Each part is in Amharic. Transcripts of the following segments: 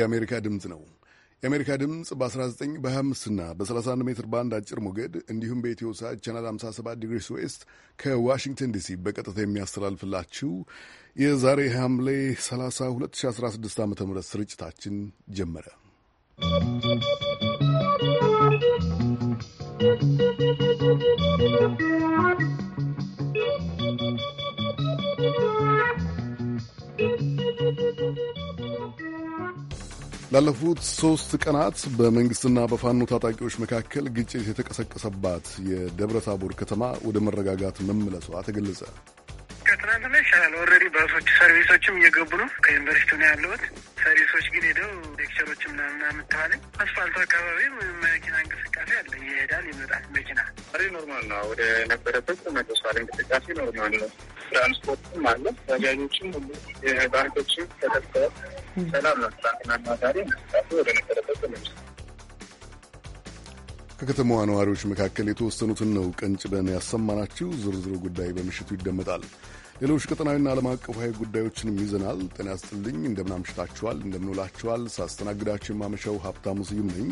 የአሜሪካ ድምፅ ነው። የአሜሪካ ድምፅ በ19 በ25ና በ31 ሜትር ባንድ አጭር ሞገድ እንዲሁም በኢትዮ ሳት ቻናል 57 ዲግሪስ ዌስት ከዋሽንግተን ዲሲ በቀጥታ የሚያስተላልፍላችሁ የዛሬ ሐምሌ 30 2016 ዓ ም ስርጭታችን ጀመረ። ላለፉት ሶስት ቀናት በመንግስትና በፋኖ ታጣቂዎች መካከል ግጭት የተቀሰቀሰባት የደብረ ታቦር ከተማ ወደ መረጋጋት መመለሷ ተገለጸ። ከትናንትና ይሻላል። ኦልሬዲ ባሶች ሰርቪሶችም እየገቡ ነው። ከዩኒቨርሲቲ ነው ያለሁት። ሰርቪሶች ግን ሄደው ሌክቸሮች ምናምን የምታዋለኝ አስፋልቱ አካባቢ መኪና እንቅስቃሴ አለ። ይሄዳል ይመጣል መኪና ሪ ኖርማል ነው። ወደ ነበረበት መደሷል እንቅስቃሴ ኖርማል ነው ትራንስፖርትም አለ። ባጃጆችም ሁሉ ባንኮችም ተጠቅተዋል። ሰላም ነው። ትናንትናና ዛሬ እንቅስቃሴ ወደ ነበረበት ተመልሷል። ከከተማዋ ነዋሪዎች መካከል የተወሰኑትን ነው ቀንጭበን ያሰማናችሁ። ዝርዝሩ ጉዳይ በምሽቱ ይደመጣል። ሌሎች ቀጠናዊና ዓለም አቀፋዊ ጉዳዮችንም ይዘናል። ጤና ያስጥልኝ። እንደምናምሽታችኋል፣ እንደምንውላችኋል። ሳስተናግዳችሁ የማመሻው ሀብታሙ ስዩም ነኝ።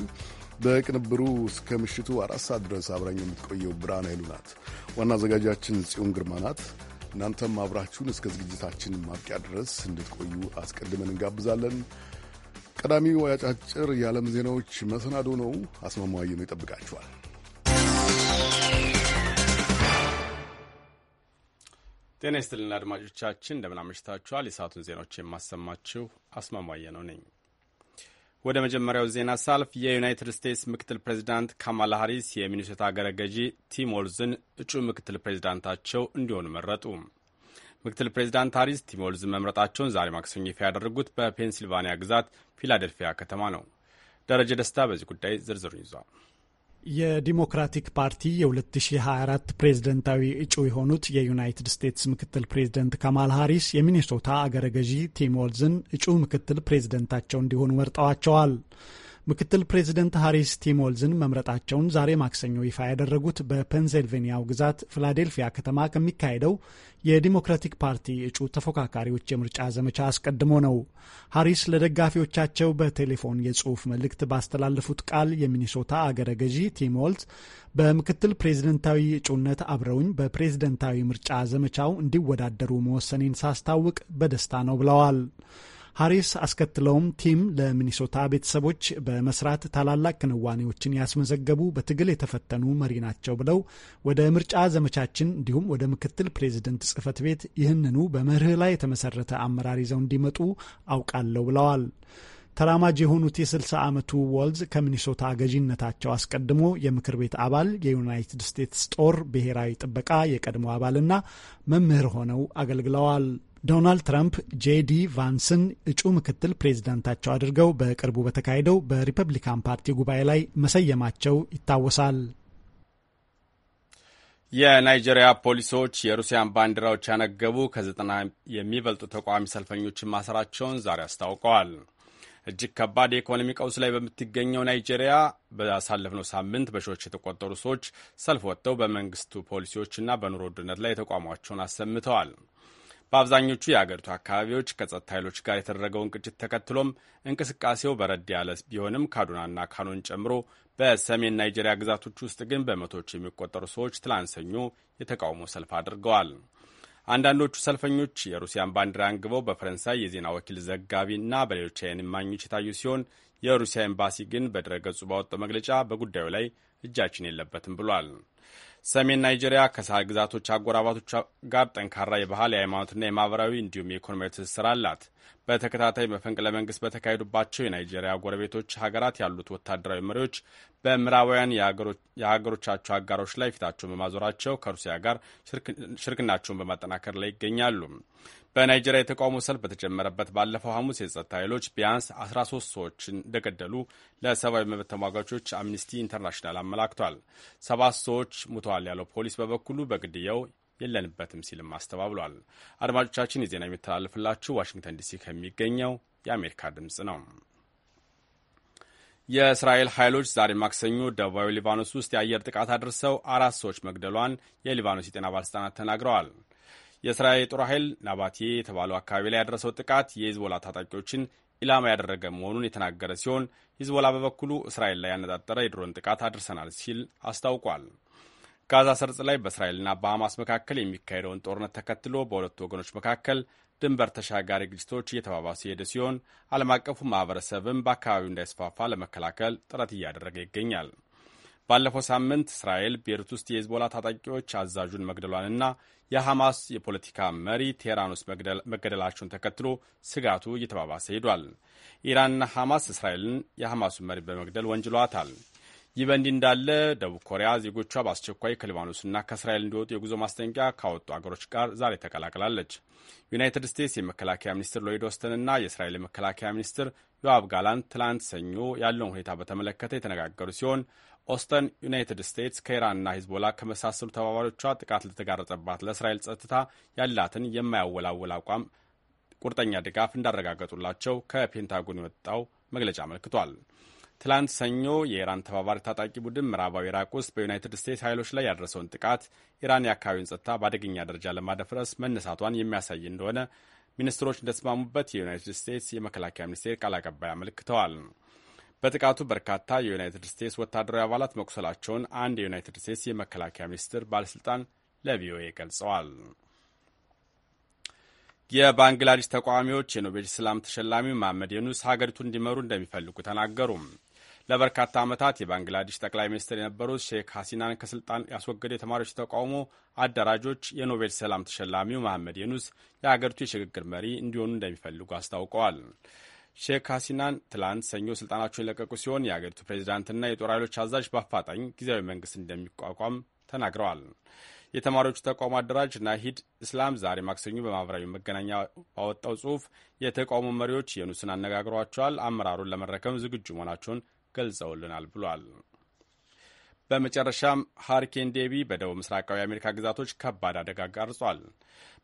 በቅንብሩ እስከ ምሽቱ አራት ሰዓት ድረስ አብራኝ የምትቆየው ብርሃን ኃይሉ ናት። ዋና አዘጋጃችን ጽዮን ግርማ ናት። እናንተም አብራችሁን እስከ ዝግጅታችን ማብቂያ ድረስ እንድትቆዩ አስቀድመን እንጋብዛለን። ቀዳሚው አጫጭር የዓለም ዜናዎች መሰናዶ ነው። አስማማው ነው ይጠብቃችኋል። ጤና ይስጥልን አድማጮቻችን፣ እንደምን አምሽታችኋል። የሰዓቱን ዜናዎች የማሰማችሁ አስማማየ ነው ነኝ። ወደ መጀመሪያው ዜና ሳልፍ የዩናይትድ ስቴትስ ምክትል ፕሬዚዳንት ካማላ ሀሪስ የሚኒሶታ አገረ ገዢ ቲም ወልዝን እጩ ምክትል ፕሬዚዳንታቸው እንዲሆኑ መረጡ። ምክትል ፕሬዚዳንት ሀሪስ ቲም ወልዝን መምረጣቸውን ዛሬ ማክሰኞ ይፋ ያደረጉት በፔንሲልቫኒያ ግዛት ፊላደልፊያ ከተማ ነው። ደረጀ ደስታ በዚህ ጉዳይ ዝርዝሩን ይዟል። የዲሞክራቲክ ፓርቲ የ2024 ፕሬዝደንታዊ እጩ የሆኑት የዩናይትድ ስቴትስ ምክትል ፕሬዝደንት ካማል ሃሪስ የሚኔሶታ አገረ ገዢ ቲም ዋልዝን እጩ ምክትል ፕሬዝደንታቸው እንዲሆኑ መርጠዋቸዋል። ምክትል ፕሬዚደንት ሃሪስ ቲሞልዝን መምረጣቸውን ዛሬ ማክሰኞ ይፋ ያደረጉት በፔንሲልቬኒያው ግዛት ፊላዴልፊያ ከተማ ከሚካሄደው የዲሞክራቲክ ፓርቲ እጩ ተፎካካሪዎች የምርጫ ዘመቻ አስቀድሞ ነው። ሃሪስ ለደጋፊዎቻቸው በቴሌፎን የጽሑፍ መልእክት ባስተላለፉት ቃል የሚኒሶታ አገረ ገዢ ቲም በምክትል ፕሬዝደንታዊ እጩነት አብረውኝ በፕሬዝደንታዊ ምርጫ ዘመቻው እንዲወዳደሩ መወሰኔን ሳስታውቅ በደስታ ነው ብለዋል። ሃሪስ አስከትለውም ቲም ለሚኒሶታ ቤተሰቦች በመስራት ታላላቅ ክንዋኔዎችን ያስመዘገቡ በትግል የተፈተኑ መሪ ናቸው ብለው ወደ ምርጫ ዘመቻችን እንዲሁም ወደ ምክትል ፕሬዚደንት ጽህፈት ቤት ይህንኑ በመርህ ላይ የተመሰረተ አመራር ይዘው እንዲመጡ አውቃለሁ ብለዋል። ተራማጅ የሆኑት የ60 ዓመቱ ወልዝ ከሚኒሶታ ገዢነታቸው አስቀድሞ የምክር ቤት አባል፣ የዩናይትድ ስቴትስ ጦር ብሔራዊ ጥበቃ የቀድሞ አባልና መምህር ሆነው አገልግለዋል። ዶናልድ ትራምፕ ጄዲ ቫንስን እጩ ምክትል ፕሬዝዳንታቸው አድርገው በቅርቡ በተካሄደው በሪፐብሊካን ፓርቲ ጉባኤ ላይ መሰየማቸው ይታወሳል። የናይጄሪያ ፖሊሶች የሩሲያን ባንዲራዎች ያነገቡ ከዘጠና የሚበልጡ ተቃዋሚ ሰልፈኞችን ማሰራቸውን ዛሬ አስታውቀዋል። እጅግ ከባድ የኢኮኖሚ ቀውስ ላይ በምትገኘው ናይጄሪያ ባሳለፍነው ሳምንት በሺዎች የተቆጠሩ ሰዎች ሰልፍ ወጥተው በመንግስቱ ፖሊሲዎችና በኑሮ ውድነት ላይ ተቃውሟቸውን አሰምተዋል። በአብዛኞቹ የአገሪቱ አካባቢዎች ከጸጥታ ኃይሎች ጋር የተደረገውን ግጭት ተከትሎም እንቅስቃሴው በረድ ያለ ቢሆንም ካዱናና ካኖን ጨምሮ በሰሜን ናይጄሪያ ግዛቶች ውስጥ ግን በመቶዎች የሚቆጠሩ ሰዎች ትላንት ሰኞ የተቃውሞ ሰልፍ አድርገዋል። አንዳንዶቹ ሰልፈኞች የሩሲያን ባንዲራ አንግበው በፈረንሳይ የዜና ወኪል ዘጋቢና በሌሎች የዓይን እማኞች የታዩ ሲሆን የሩሲያ ኤምባሲ ግን በድረገጹ ባወጣው መግለጫ በጉዳዩ ላይ እጃችን የለበትም ብሏል። ሰሜን ናይጄሪያ ከሳህል ግዛቶች አጎራባቶች ጋር ጠንካራ የባህል የሃይማኖትና የማህበራዊ እንዲሁም የኢኮኖሚያዊ ትስስር አላት። በተከታታይ መፈንቅለ መንግስት በተካሄዱባቸው የናይጄሪያ ጎረቤቶች ሀገራት ያሉት ወታደራዊ መሪዎች በምዕራባውያን የሀገሮቻቸው አጋሮች ላይ ፊታቸውን በማዞራቸው ከሩሲያ ጋር ሽርክናቸውን በማጠናከር ላይ ይገኛሉ። በናይጄሪያ የተቃውሞ ሰልፍ በተጀመረበት ባለፈው ሐሙስ የጸጥታ ኃይሎች ቢያንስ 13 ሰዎችን እንደገደሉ ለሰብአዊ መብት ተሟጋቾች አምኒስቲ ኢንተርናሽናል አመላክቷል። ሰባት ሰዎች ሙተዋል ያለው ፖሊስ በበኩሉ በግድያው የለንበትም ሲልም አስተባብሏል። አድማጮቻችን የዜና የሚተላለፍላችሁ ዋሽንግተን ዲሲ ከሚገኘው የአሜሪካ ድምፅ ነው። የእስራኤል ኃይሎች ዛሬ ማክሰኞ ደቡባዊ ሊባኖስ ውስጥ የአየር ጥቃት አድርሰው አራት ሰዎች መግደሏን የሊባኖስ የጤና ባለሥልጣናት ተናግረዋል። የእስራኤል የጦር ኃይል ናባቴ የተባለው አካባቢ ላይ ያደረሰው ጥቃት የሂዝቦላ ታጣቂዎችን ኢላማ ያደረገ መሆኑን የተናገረ ሲሆን ሂዝቦላ በበኩሉ እስራኤል ላይ ያነጣጠረ የድሮን ጥቃት አድርሰናል ሲል አስታውቋል። ጋዛ ሰርጽ ላይ በእስራኤልና በሐማስ መካከል የሚካሄደውን ጦርነት ተከትሎ በሁለቱ ወገኖች መካከል ድንበር ተሻጋሪ ግጭቶች እየተባባሱ የሄደ ሲሆን ዓለም አቀፉ ማህበረሰብም በአካባቢው እንዳይስፋፋ ለመከላከል ጥረት እያደረገ ይገኛል። ባለፈው ሳምንት እስራኤል ቤሩት ውስጥ የሂዝቦላ ታጣቂዎች አዛዡን መግደሏንና የሐማስ የፖለቲካ መሪ ቴህራን ውስጥ መገደላቸውን ተከትሎ ስጋቱ እየተባባሰ ሄዷል። ኢራንና ሐማስ እስራኤልን የሐማሱን መሪ በመግደል ወንጅሏታል። ይህ በእንዲህ እንዳለ ደቡብ ኮሪያ ዜጎቿ በአስቸኳይ ከሊባኖስና ከእስራኤል እንዲወጡ የጉዞ ማስጠንቀቂያ ካወጡ አገሮች ጋር ዛሬ ተቀላቅላለች። ዩናይትድ ስቴትስ የመከላከያ ሚኒስትር ሎይድ ኦስተንና የእስራኤል መከላከያ ሚኒስትር ዮአብ ጋላንት ትላንት ሰኞ ያለውን ሁኔታ በተመለከተ የተነጋገሩ ሲሆን ኦስተን ዩናይትድ ስቴትስ ከኢራንና ሂዝቦላ ከመሳሰሉ ተባባሪዎቿ ጥቃት ለተጋረጠባት ለእስራኤል ጸጥታ ያላትን የማያወላውል አቋም ቁርጠኛ ድጋፍ እንዳረጋገጡላቸው ከፔንታጎን የወጣው መግለጫ አመልክቷል። ትላንት ሰኞ የኢራን ተባባሪ ታጣቂ ቡድን ምዕራባዊ ኢራቅ ውስጥ በዩናይትድ ስቴትስ ኃይሎች ላይ ያደረሰውን ጥቃት ኢራን የአካባቢውን ጸጥታ በአደገኛ ደረጃ ለማደፍረስ መነሳቷን የሚያሳይ እንደሆነ ሚኒስትሮች እንደተስማሙበት የዩናይትድ ስቴትስ የመከላከያ ሚኒስቴር ቃል አቀባይ አመልክተዋል። በጥቃቱ በርካታ የዩናይትድ ስቴትስ ወታደራዊ አባላት መቁሰላቸውን አንድ የዩናይትድ ስቴትስ የመከላከያ ሚኒስትር ባለሥልጣን ለቪኦኤ ገልጸዋል። የባንግላዴሽ ተቃዋሚዎች የኖቤል ሰላም ተሸላሚ መሐመድ የኑስ ሀገሪቱን እንዲመሩ እንደሚፈልጉ ተናገሩ። ለበርካታ ዓመታት የባንግላዴሽ ጠቅላይ ሚኒስትር የነበሩት ሼክ ሐሲናን ከስልጣን ያስወገዱ የተማሪዎች ተቃውሞ አደራጆች የኖቤል ሰላም ተሸላሚው መሐመድ የኑስ የሀገሪቱ የሽግግር መሪ እንዲሆኑ እንደሚፈልጉ አስታውቀዋል። ሼክ ሀሲናን ትላንት ሰኞ ስልጣናቸውን የለቀቁ ሲሆን የአገሪቱ ፕሬዚዳንትና የጦር ኃይሎች አዛዥ በአፋጣኝ ጊዜያዊ መንግስት እንደሚቋቋም ተናግረዋል። የተማሪዎቹ ተቃውሞ አደራጅ ናሂድ እስላም ዛሬ ማክሰኞ በማህበራዊ መገናኛ ባወጣው ጽሁፍ የተቃውሞ መሪዎች የኑስን አነጋግሯቸዋል፣ አመራሩን ለመረከም ዝግጁ መሆናቸውን ገልጸውልናል ብሏል። በመጨረሻም ሀሪኬን ዴቢ በደቡብ ምስራቃዊ የአሜሪካ ግዛቶች ከባድ አደጋ ጋርጿል።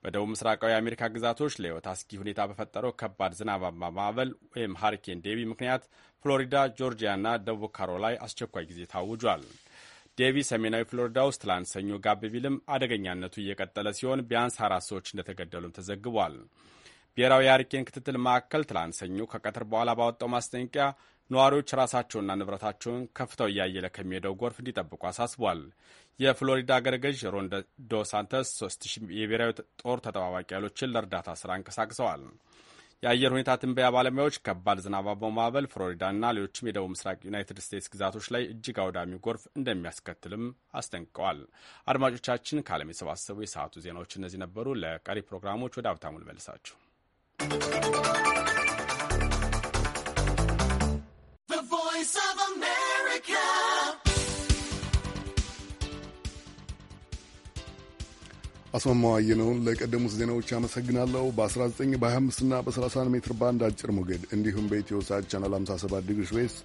በደቡብ ምስራቃዊ የአሜሪካ ግዛቶች ለሕይወት አስጊ ሁኔታ በፈጠረው ከባድ ዝናባማ ማዕበል ወይም ሃሪኬን ዴቢ ምክንያት ፍሎሪዳ፣ ጆርጂያና ደቡብ ካሮላይ አስቸኳይ ጊዜ ታውጇል። ዴቪ ሰሜናዊ ፍሎሪዳ ውስጥ ትላንት ሰኞ ጋብ ቢልም አደገኛነቱ እየቀጠለ ሲሆን ቢያንስ አራት ሰዎች እንደተገደሉም ተዘግቧል። ብሔራዊ የሃሪኬን ክትትል ማዕከል ትላንት ሰኞ ከቀትር በኋላ ባወጣው ማስጠንቀቂያ ነዋሪዎች ራሳቸውና ንብረታቸውን ከፍተው እያየለ ከሚሄደው ጎርፍ እንዲጠብቁ አሳስቧል። የፍሎሪዳ አገረ ገዥ ሮን ዶ ሳንተስ 3000 የብሔራዊ ጦር ተጠባባቂ ኃይሎችን ለእርዳታ ስራ እንቀሳቅሰዋል። የአየር ሁኔታ ትንበያ ባለሙያዎች ከባድ ዝናባ ማዕበል ፍሎሪዳና ሌሎችም የደቡብ ምስራቅ ዩናይትድ ስቴትስ ግዛቶች ላይ እጅግ አውዳሚ ጎርፍ እንደሚያስከትልም አስጠንቅቀዋል። አድማጮቻችን ከዓለም የሰባሰቡ የሰዓቱ ዜናዎች እነዚህ ነበሩ። ለቀሪ ፕሮግራሞች ወደ ሀብታሙ ልመልሳችሁ። አስማማው አየነውን ለቀደሙት ዜናዎች አመሰግናለሁ። በ19 በ25ና በ31 ሜትር ባንድ አጭር ሞገድ እንዲሁም በኢትዮ ሳት ቻናል 57 ዲግሪ ዌስት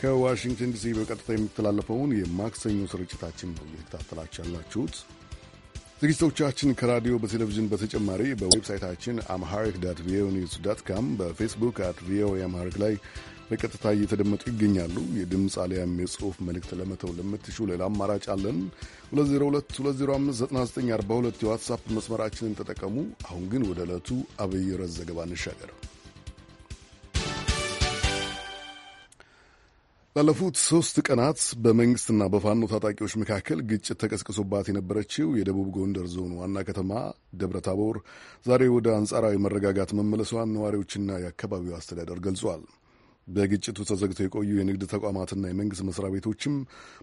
ከዋሽንግተን ዲሲ በቀጥታ የሚተላለፈውን የማክሰኞ ስርጭታችን ነው እየተከታተላችሁ ያላችሁት። ዝግጅቶቻችን ከራዲዮ በቴሌቪዥን በተጨማሪ በዌብሳይታችን አምሃሪክ ዳት ቪኦኤ ኒውስ ዳት ካም በፌስቡክ አት ቪኦኤ አምሃሪክ ላይ በቀጥታ እየተደመጡ ይገኛሉ። የድምፅ አሊያም የጽሑፍ መልእክት ለመተው ለምትሹ ሌላ አማራጭ አለን። 2022059942 የዋትሳፕ መስመራችንን ተጠቀሙ። አሁን ግን ወደ ዕለቱ አብይ ርዕስ ዘገባ እንሻገር። ላለፉት ሶስት ቀናት በመንግስትና በፋኖ ታጣቂዎች መካከል ግጭት ተቀስቅሶባት የነበረችው የደቡብ ጎንደር ዞን ዋና ከተማ ደብረ ታቦር ዛሬ ወደ አንጻራዊ መረጋጋት መመለሷን ነዋሪዎችና የአካባቢው አስተዳደር ገልጿል። በግጭቱ ተዘግተው የቆዩ የንግድ ተቋማትና የመንግሥት መስሪያ ቤቶችም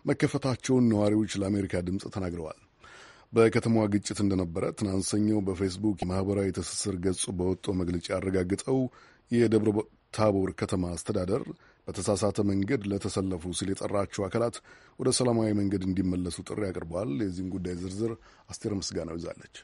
መከፈታቸውን ነዋሪዎች ለአሜሪካ ድምፅ ተናግረዋል። በከተማዋ ግጭት እንደነበረ ትናንት ሰኞ በፌስቡክ የማኅበራዊ ትስስር ገጹ በወጣው መግለጫ ያረጋግጠው የደብረ ታቦር ከተማ አስተዳደር በተሳሳተ መንገድ ለተሰለፉ ሲል የጠራቸው አካላት ወደ ሰላማዊ መንገድ እንዲመለሱ ጥሪ አቅርበዋል። የዚህም ጉዳይ ዝርዝር አስቴር ምስጋናው ይዛለች።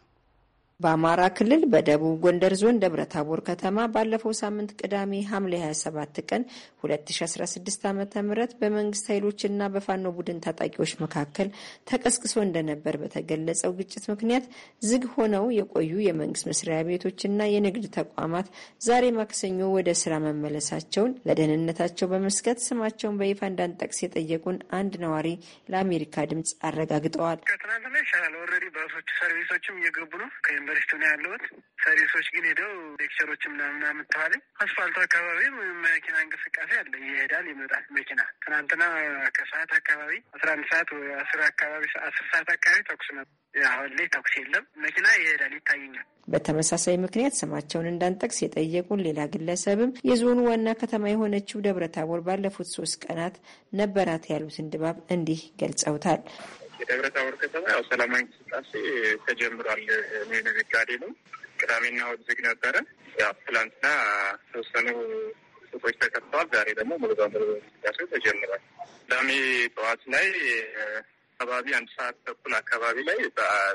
በአማራ ክልል በደቡብ ጎንደር ዞን ደብረ ታቦር ከተማ ባለፈው ሳምንት ቅዳሜ ሐምሌ 27 ቀን 2016 ዓ ም በመንግስት ኃይሎችና በፋኖ ቡድን ታጣቂዎች መካከል ተቀስቅሶ እንደነበር በተገለጸው ግጭት ምክንያት ዝግ ሆነው የቆዩ የመንግስት መስሪያ ቤቶችና የንግድ ተቋማት ዛሬ ማክሰኞ ወደ ስራ መመለሳቸውን ለደህንነታቸው በመስጋት ስማቸውን በይፋ እንዳንጠቅስ የጠየቁን አንድ ነዋሪ ለአሜሪካ ድምጽ አረጋግጠዋል። ከትናንትና ይሻላል። ኦልሬዲ ባሶች ሰርቪሶችም እየገቡ ነው። ዩኒቨርሲቲ ነው ያለሁት። ሰሪሶች ግን ሄደው ሌክቸሮች ምናምን አምጥተዋል። አስፋልቱ አካባቢ መኪና እንቅስቃሴ አለ፣ ይሄዳል ይመጣል መኪና። ትናንትና ከሰዓት አካባቢ አስራ አንድ ሰዓት ወይ አስር አካባቢ አስር ሰዓት አካባቢ ተኩስ ነው። አሁን ላይ ተኩስ የለም፣ መኪና ይሄዳል ይታየኛል። በተመሳሳይ ምክንያት ስማቸውን እንዳንጠቅስ የጠየቁን ሌላ ግለሰብም የዞኑ ዋና ከተማ የሆነችው ደብረ ታቦር ባለፉት ሶስት ቀናት ነበራት ያሉትን ድባብ እንዲህ ገልጸውታል። የደብረ ታቦር ከተማ ያው ሰላማዊ እንቅስቃሴ ተጀምሯል። ሜኑ ነጋዴ ነው። ቅዳሜና እሑድ ዝግ ነበረ። ያው ትላንትና ተወሰኑ ሱቆች ተከፍተዋል። ዛሬ ደግሞ ሙሉ በሙሉ እንቅስቃሴ ተጀምሯል። ቅዳሜ ጠዋት ላይ አካባቢ አንድ ሰዓት ተኩል አካባቢ ላይ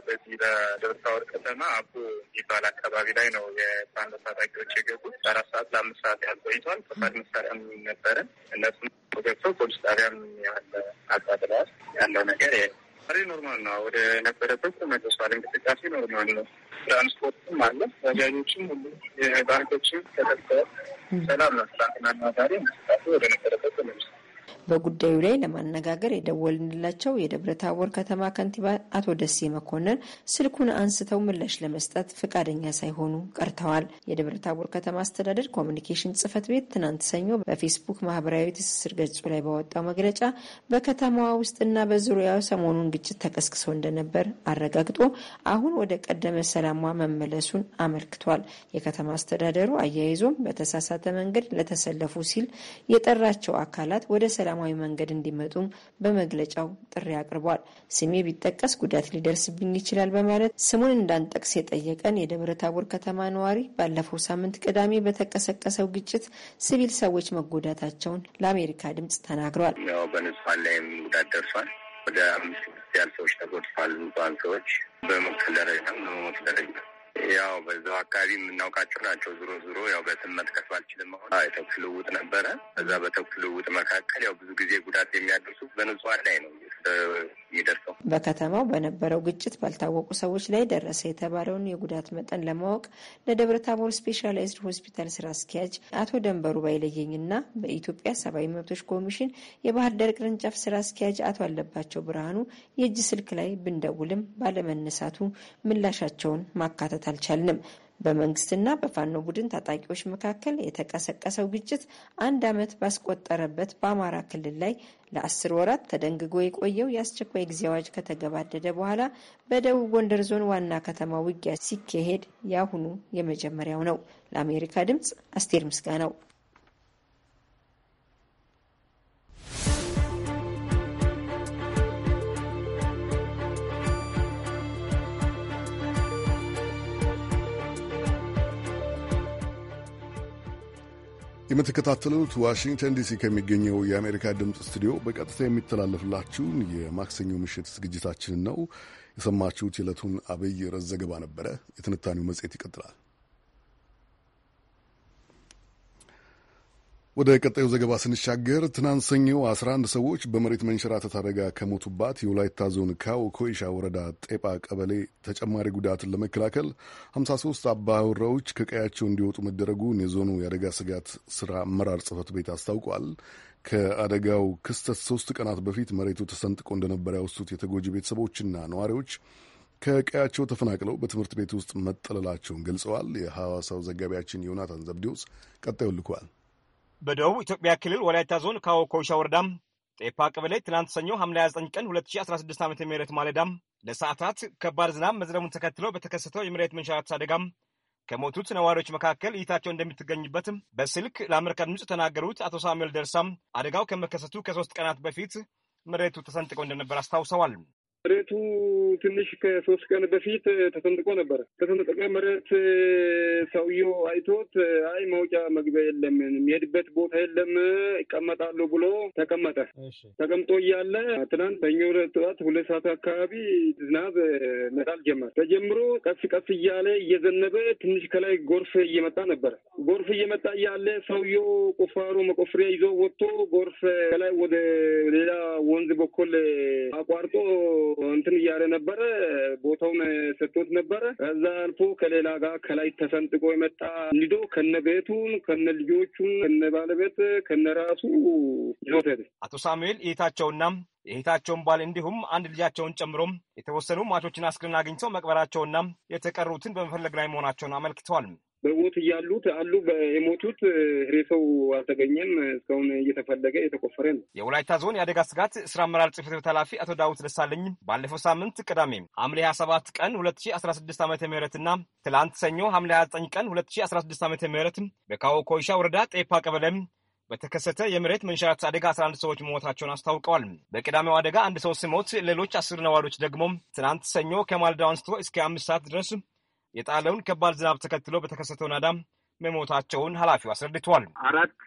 በዚህ በደብረ ታቦር ከተማ አቦ የሚባል አካባቢ ላይ ነው የባንዳ ታጣቂዎች የገቡት። አራት ሰዓት ለአምስት ሰዓት ያህል ቆይቷል። ከባድ መሳሪያም ነበረ። እነሱም ገብተው ፖሊስ ጣቢያም ያለ አቃጥለዋል። ያለው ነገር ዛሬ ኖርማል ነው። ወደ ነበረበት ተመልሷል። እንቅስቃሴ ኖርማል ነው። ትራንስፖርትም አለ። ባጃጆችም ሁሉ ባንኮችም ተጠቅተዋል። ሰላም ነው። ትላንትናና ዛሬ እንቅስቃሴ ወደ ነበረበት ተመልሷል። በጉዳዩ ላይ ለማነጋገር የደወልንላቸው የደብረ ታቦር ከተማ ከንቲባ አቶ ደሴ መኮንን ስልኩን አንስተው ምላሽ ለመስጠት ፈቃደኛ ሳይሆኑ ቀርተዋል። የደብረ ታቦር ከተማ አስተዳደር ኮሚኒኬሽን ጽህፈት ቤት ትናንት ሰኞ በፌስቡክ ማህበራዊ ትስስር ገጹ ላይ ባወጣው መግለጫ በከተማዋ ውስጥና በዙሪያው ሰሞኑን ግጭት ተቀስቅሶ እንደነበር አረጋግጦ አሁን ወደ ቀደመ ሰላሟ መመለሱን አመልክቷል። የከተማ አስተዳደሩ አያይዞም በተሳሳተ መንገድ ለተሰለፉ ሲል የጠራቸው አካላት ወደ ሰላም በሰላማዊ መንገድ እንዲመጡም በመግለጫው ጥሪ አቅርቧል። ስሜ ቢጠቀስ ጉዳት ሊደርስብኝ ይችላል በማለት ስሙን እንዳንጠቅስ የጠየቀን የደብረ ታቦር ከተማ ነዋሪ ባለፈው ሳምንት ቅዳሜ በተቀሰቀሰው ግጭት ሲቪል ሰዎች መጎዳታቸውን ለአሜሪካ ድምጽ ተናግሯል። ያው ላይም ጉዳት ደርሷል። ወደ አምስት ያህል ሰዎች ተጎድተዋል። ንጹሐን ሰዎች በሞት ደረጃ በሞት ደረጃ ያው በዛው አካባቢ የምናውቃቸው ናቸው። ዞሮ ዞሮ ያው በስም መጥቀስ ባልችልም አሁን የተኩስ ልውውጥ ነበረ። በዛ በተኩስ ልውውጥ መካከል ያው ብዙ ጊዜ ጉዳት የሚያደርሱ በንጹሃን ላይ ነው የሚደርሰው። በከተማው በነበረው ግጭት ባልታወቁ ሰዎች ላይ ደረሰ የተባለውን የጉዳት መጠን ለማወቅ ለደብረ ታቦር ስፔሻላይዝድ ሆስፒታል ስራ አስኪያጅ አቶ ደንበሩ ባይለየኝና በኢትዮጵያ ሰብአዊ መብቶች ኮሚሽን የባህር ዳር ቅርንጫፍ ስራ አስኪያጅ አቶ አለባቸው ብርሃኑ የእጅ ስልክ ላይ ብንደውልም ባለመነሳቱ ምላሻቸውን ማካተት አልቻልንም። በመንግስትና በፋኖ ቡድን ታጣቂዎች መካከል የተቀሰቀሰው ግጭት አንድ ዓመት ባስቆጠረበት በአማራ ክልል ላይ ለአስር ወራት ተደንግጎ የቆየው የአስቸኳይ ጊዜ አዋጅ ከተገባደደ በኋላ በደቡብ ጎንደር ዞን ዋና ከተማ ውጊያ ሲካሄድ ያሁኑ የመጀመሪያው ነው። ለአሜሪካ ድምፅ አስቴር ምስጋናው። የምትከታተሉት ዋሽንግተን ዲሲ ከሚገኘው የአሜሪካ ድምፅ ስቱዲዮ በቀጥታ የሚተላለፍላችሁን የማክሰኞ ምሽት ዝግጅታችንን ነው። የሰማችሁት የዕለቱን አብይ ርዕስ ዘገባ ነበረ። የትንታኔው መጽሔት ይቀጥላል። ወደ ቀጣዩ ዘገባ ስንሻገር ትናንት ሰኞ 11 ሰዎች በመሬት መንሸራተት አደጋ ከሞቱባት የወላይታ ዞን ካው ኮይሻ ወረዳ ጤጳ ቀበሌ ተጨማሪ ጉዳትን ለመከላከል 53 አባወራዎች ከቀያቸው እንዲወጡ መደረጉን የዞኑ የአደጋ ስጋት ስራ አመራር ጽፈት ቤት አስታውቋል። ከአደጋው ክስተት ሶስት ቀናት በፊት መሬቱ ተሰንጥቆ እንደነበር ያወሱት የተጎጂ ቤተሰቦችና ነዋሪዎች ከቀያቸው ተፈናቅለው በትምህርት ቤት ውስጥ መጠለላቸውን ገልጸዋል። የሐዋሳው ዘጋቢያችን ዮናታን ዘብዴውስ ቀጣዩ ልኳል። በደቡብ ኢትዮጵያ ክልል ወላይታ ዞን ካዎ ኮይሻ ወረዳ ጤፓ ቀበሌ ትናንት ሰኞ ሐምሌ 29 ቀን 2016 ዓ ም ማለዳ ለሰዓታት ከባድ ዝናብ መዝነቡን ተከትሎ በተከሰተው የመሬት መንሸራተት አደጋ ከሞቱት ነዋሪዎች መካከል እይታቸው እንደምትገኝበት በስልክ ለአሜሪካ ድምፅ ተናገሩት አቶ ሳሙኤል ደርሳም አደጋው ከመከሰቱ ከሶስት ቀናት በፊት መሬቱ ተሰንጥቆ እንደነበር አስታውሰዋል። መሬቱ ትንሽ ከሶስት ቀን በፊት ተሰንጥቆ ነበረ። ተሰንጥቀ መሬት ሰውየው አይቶት አይ መውጫ መግቢያ የለም፣ የሚሄድበት ቦታ የለም፣ ይቀመጣሉ ብሎ ተቀመጠ። ተቀምጦ እያለ ትናንት በኛው ጠዋት ሁለት ሰዓት አካባቢ ዝናብ መጣል ጀመር። ተጀምሮ ቀስ ቀስ እያለ እየዘነበ ትንሽ ከላይ ጎርፍ እየመጣ ነበረ። ጎርፍ እየመጣ እያለ ሰውየው ቁፋሮ መቆፍሪያ ይዞ ወጥቶ ጎርፍ ከላይ ወደ ሌላ ወንዝ በኩል አቋርጦ እንትን እያለ ነበረ። ቦታውን ሰጥቶት ነበረ። ከዛ አልፎ ከሌላ ጋር ከላይ ተሰንጥቆ የመጣ እንዲዶ ከነ ቤቱን ከነ ልጆቹን ከነ ባለቤት ከነ ራሱ ይዞት አቶ ሳሙኤል እህታቸውና የእህታቸውን ባል እንዲሁም አንድ ልጃቸውን ጨምሮ የተወሰኑ ሟቾችን አስክሬን አግኝተው መቅበራቸውና የተቀሩትን በመፈለግ ላይ መሆናቸውን አመልክተዋል። በሞት እያሉት አሉ የሞቱት ሬሰው አልተገኘም። እስካሁን እየተፈለገ የተቆፈረ ነው። የወላይታ ዞን የአደጋ ስጋት ስራ አመራር ጽሕፈት ቤት ኃላፊ አቶ ዳዊት ደሳለኝ ባለፈው ሳምንት ቅዳሜ ሐምሌ 27 ቀን 2016 ዓ ምት እና ትላንት ሰኞ ሐምሌ 29 ቀን 2016 ዓ ምት በካወ ኮይሻ ወረዳ ጤፓ ቀበለም በተከሰተ የመሬት መንሸራት አደጋ 11 ሰዎች መሞታቸውን አስታውቀዋል። በቅዳሜው አደጋ አንድ ሰው ሲሞት ሌሎች አስር ነዋሪዎች ደግሞ ትናንት ሰኞ ከማለዳው አንስቶ እስከ አምስት ሰዓት ድረስ የጣለውን ከባድ ዝናብ ተከትሎ በተከሰተው ናዳ መሞታቸውን ኃላፊው አስረድተዋል። አራት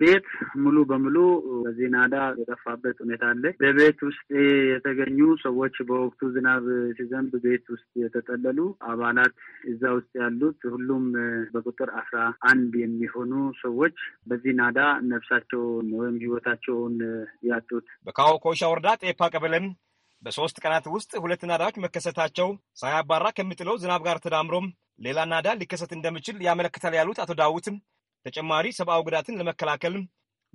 ቤት ሙሉ በሙሉ በዚህ ናዳ የጠፋበት ሁኔታ አለ። በቤት ውስጥ የተገኙ ሰዎች በወቅቱ ዝናብ ሲዘንብ ቤት ውስጥ የተጠለሉ አባላት እዛ ውስጥ ያሉት ሁሉም በቁጥር አስራ አንድ የሚሆኑ ሰዎች በዚህ ናዳ ነፍሳቸውን ወይም ህይወታቸውን ያጡት በካዎ ወረዳ ጤፓ ቀበሌም በሶስት ቀናት ውስጥ ሁለት ናዳዎች መከሰታቸው ሳያባራ ከሚጥለው ዝናብ ጋር ተዳምሮም ሌላ ናዳ ሊከሰት እንደሚችል ያመለክታል ያሉት አቶ ዳዊት ተጨማሪ ሰብአዊ ጉዳትን ለመከላከል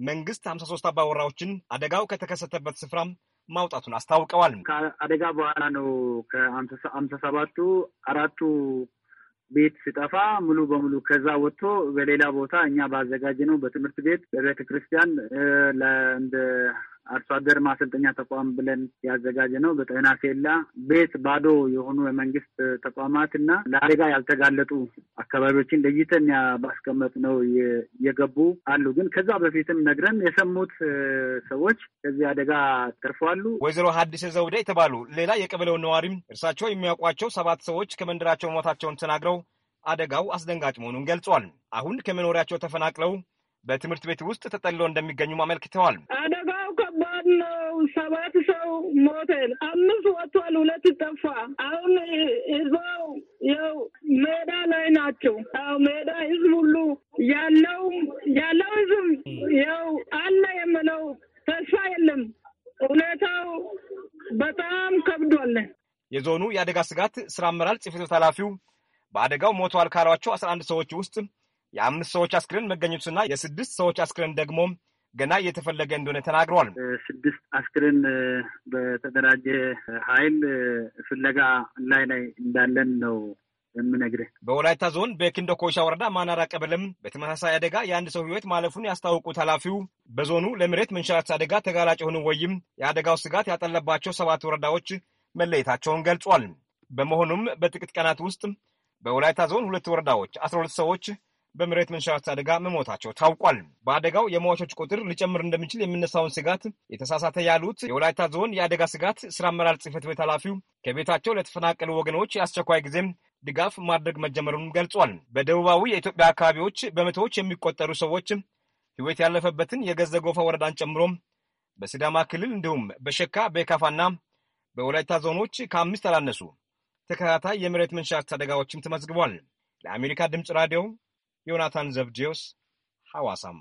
መንግስት 53 አባወራዎችን አደጋው ከተከሰተበት ስፍራ ማውጣቱን አስታውቀዋል። ከአደጋ በኋላ ነው ከአምሳ ሰባቱ አራቱ ቤት ሲጠፋ ሙሉ በሙሉ ከዛ ወጥቶ በሌላ ቦታ እኛ ባዘጋጀ ነው በትምህርት ቤት፣ በቤተ ክርስቲያን አርሶ አደር ማሰልጠኛ ተቋም ብለን ያዘጋጀ ነው። በጤና ኬላ ቤት ባዶ የሆኑ የመንግስት ተቋማት እና ለአደጋ ያልተጋለጡ አካባቢዎችን ለይተን ባስቀመጥ ነው የገቡ አሉ። ግን ከዛ በፊትም ነግረን የሰሙት ሰዎች ከዚህ አደጋ ተርፈዋሉ። ወይዘሮ ሀዲስ ዘውዴ የተባሉ ሌላ የቀበሌው ነዋሪም እርሳቸው የሚያውቋቸው ሰባት ሰዎች ከመንደራቸው መሞታቸውን ተናግረው አደጋው አስደንጋጭ መሆኑን ገልጿል። አሁን ከመኖሪያቸው ተፈናቅለው በትምህርት ቤት ውስጥ ተጠልለው እንደሚገኙም አመልክተዋል። ነው። ሰባት ሰው ሞተን፣ አምስት ወጥቷል፣ ሁለት ጠፋ። አሁን ህዝባው ያው ሜዳ ላይ ናቸው። አዎ ሜዳ ህዝብ ሁሉ ያለው ያለው ህዝብ ያው አለ የምለው ተስፋ የለም። ሁኔታው በጣም ከብዷል። የዞኑ የአደጋ ስጋት ስራ አመራር ጽሕፈት ቤት ኃላፊው በአደጋው ሞተዋል ካሏቸው አስራ አንድ ሰዎች ውስጥ የአምስት ሰዎች አስክሬን መገኘቱና የስድስት ሰዎች አስክሬን ደግሞ ገና እየተፈለገ እንደሆነ ተናግረዋል። ስድስት አስክሬን በተደራጀ ኃይል ፍለጋ ላይ ላይ እንዳለን ነው የምነግርህ። በወላይታ ዞን በኪንዶ ኮይሻ ወረዳ ማናራ ቀበለም በተመሳሳይ አደጋ የአንድ ሰው ህይወት ማለፉን ያስታወቁት ኃላፊው በዞኑ ለመሬት መንሸራተት አደጋ ተጋላጭ የሆኑ ወይም የአደጋው ስጋት ያጠለባቸው ሰባት ወረዳዎች መለየታቸውን ገልጿል። በመሆኑም በጥቂት ቀናት ውስጥ በወላይታ ዞን ሁለት ወረዳዎች አስራ ሁለት ሰዎች በመሬት መንሸራተት አደጋ መሞታቸው ታውቋል። በአደጋው የሟቾች ቁጥር ሊጨምር እንደሚችል የምነሳውን ስጋት የተሳሳተ ያሉት የወላይታ ዞን የአደጋ ስጋት ስራ አመራር ጽህፈት ቤት ኃላፊው ከቤታቸው ለተፈናቀሉ ወገኖች የአስቸኳይ ጊዜም ድጋፍ ማድረግ መጀመሩን ገልጿል። በደቡባዊ የኢትዮጵያ አካባቢዎች በመቶዎች የሚቆጠሩ ሰዎች ህይወት ያለፈበትን የገዘ ጎፋ ወረዳን ጨምሮ በሲዳማ ክልል እንዲሁም በሸካ በካፋና በወላይታ ዞኖች ከአምስት አላነሱ ተከታታይ የመሬት መንሸራተት አደጋዎችም ተመዝግቧል። ለአሜሪካ ድምፅ ራዲዮ ዮናታን ዘብዴዎስ ሐዋሳም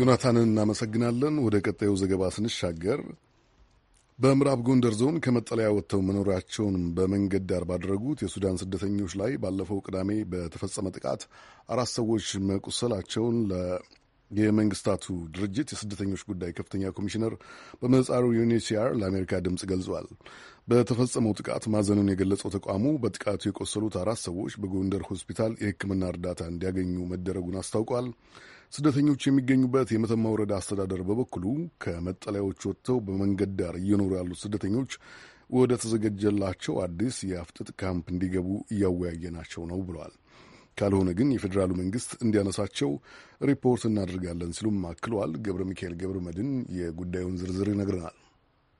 ዮናታንን እናመሰግናለን። ወደ ቀጣዩ ዘገባ ስንሻገር በምዕራብ ጎንደር ዞን ከመጠለያ ወጥተው መኖሪያቸውን በመንገድ ዳር ባደረጉት የሱዳን ስደተኞች ላይ ባለፈው ቅዳሜ በተፈጸመ ጥቃት አራት ሰዎች መቁሰላቸውን የመንግስታቱ ድርጅት የስደተኞች ጉዳይ ከፍተኛ ኮሚሽነር በምህጻሩ ዩኒሲያር ለአሜሪካ ድምፅ ገልጿል። በተፈጸመው ጥቃት ማዘኑን የገለጸው ተቋሙ በጥቃቱ የቆሰሉት አራት ሰዎች በጎንደር ሆስፒታል የሕክምና እርዳታ እንዲያገኙ መደረጉን አስታውቋል። ስደተኞች የሚገኙበት የመተማ ወረዳ አስተዳደር በበኩሉ ከመጠለያዎች ወጥተው በመንገድ ዳር እየኖሩ ያሉት ስደተኞች ወደ ተዘጋጀላቸው አዲስ የአፍጥጥ ካምፕ እንዲገቡ እያወያየ ናቸው ነው ብለዋል። ካልሆነ ግን የፌዴራሉ መንግስት እንዲያነሳቸው ሪፖርት እናደርጋለን ሲሉም አክለዋል። ገብረ ሚካኤል ገብረ መድን የጉዳዩን ዝርዝር ይነግረናል።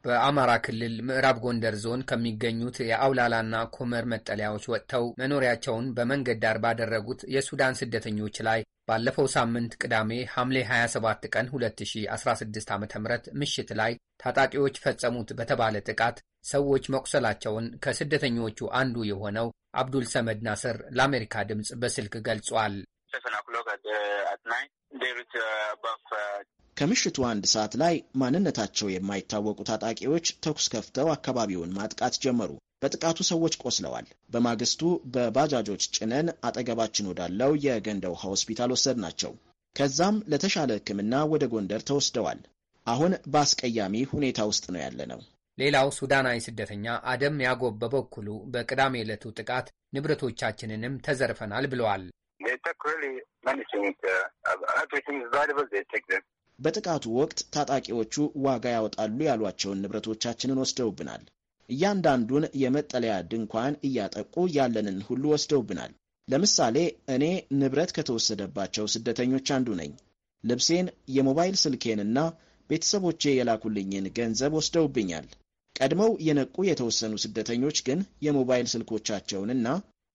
በአማራ ክልል ምዕራብ ጎንደር ዞን ከሚገኙት የአውላላና ኮመር መጠለያዎች ወጥተው መኖሪያቸውን በመንገድ ዳር ባደረጉት የሱዳን ስደተኞች ላይ ባለፈው ሳምንት ቅዳሜ ሐምሌ 27 ቀን 2016 ዓ ም ምሽት ላይ ታጣቂዎች ፈጸሙት በተባለ ጥቃት ሰዎች መቁሰላቸውን ከስደተኞቹ አንዱ የሆነው አብዱል ሰመድ ናስር ለአሜሪካ ድምፅ በስልክ ገልጿል። ከምሽቱ አንድ ሰዓት ላይ ማንነታቸው የማይታወቁ ታጣቂዎች ተኩስ ከፍተው አካባቢውን ማጥቃት ጀመሩ። በጥቃቱ ሰዎች ቆስለዋል። በማግስቱ በባጃጆች ጭነን አጠገባችን ወዳለው የገንደ ውሃ ሆስፒታል ወሰድናቸው። ከዛም ለተሻለ ሕክምና ወደ ጎንደር ተወስደዋል። አሁን በአስቀያሚ ሁኔታ ውስጥ ነው ያለነው። ሌላው ሱዳናዊ ስደተኛ አደም ያጎብ በበኩሉ በቅዳሜ ዕለቱ ጥቃት ንብረቶቻችንንም ተዘርፈናል ብለዋል። በጥቃቱ ወቅት ታጣቂዎቹ ዋጋ ያወጣሉ ያሏቸውን ንብረቶቻችንን ወስደውብናል። እያንዳንዱን የመጠለያ ድንኳን እያጠቁ ያለንን ሁሉ ወስደውብናል። ለምሳሌ እኔ ንብረት ከተወሰደባቸው ስደተኞች አንዱ ነኝ። ልብሴን፣ የሞባይል ስልኬንና ቤተሰቦቼ የላኩልኝን ገንዘብ ወስደውብኛል። ቀድመው የነቁ የተወሰኑ ስደተኞች ግን የሞባይል ስልኮቻቸውንና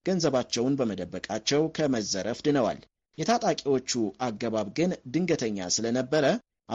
ገንዘባቸውን በመደበቃቸው ከመዘረፍ ድነዋል። የታጣቂዎቹ አገባብ ግን ድንገተኛ ስለነበረ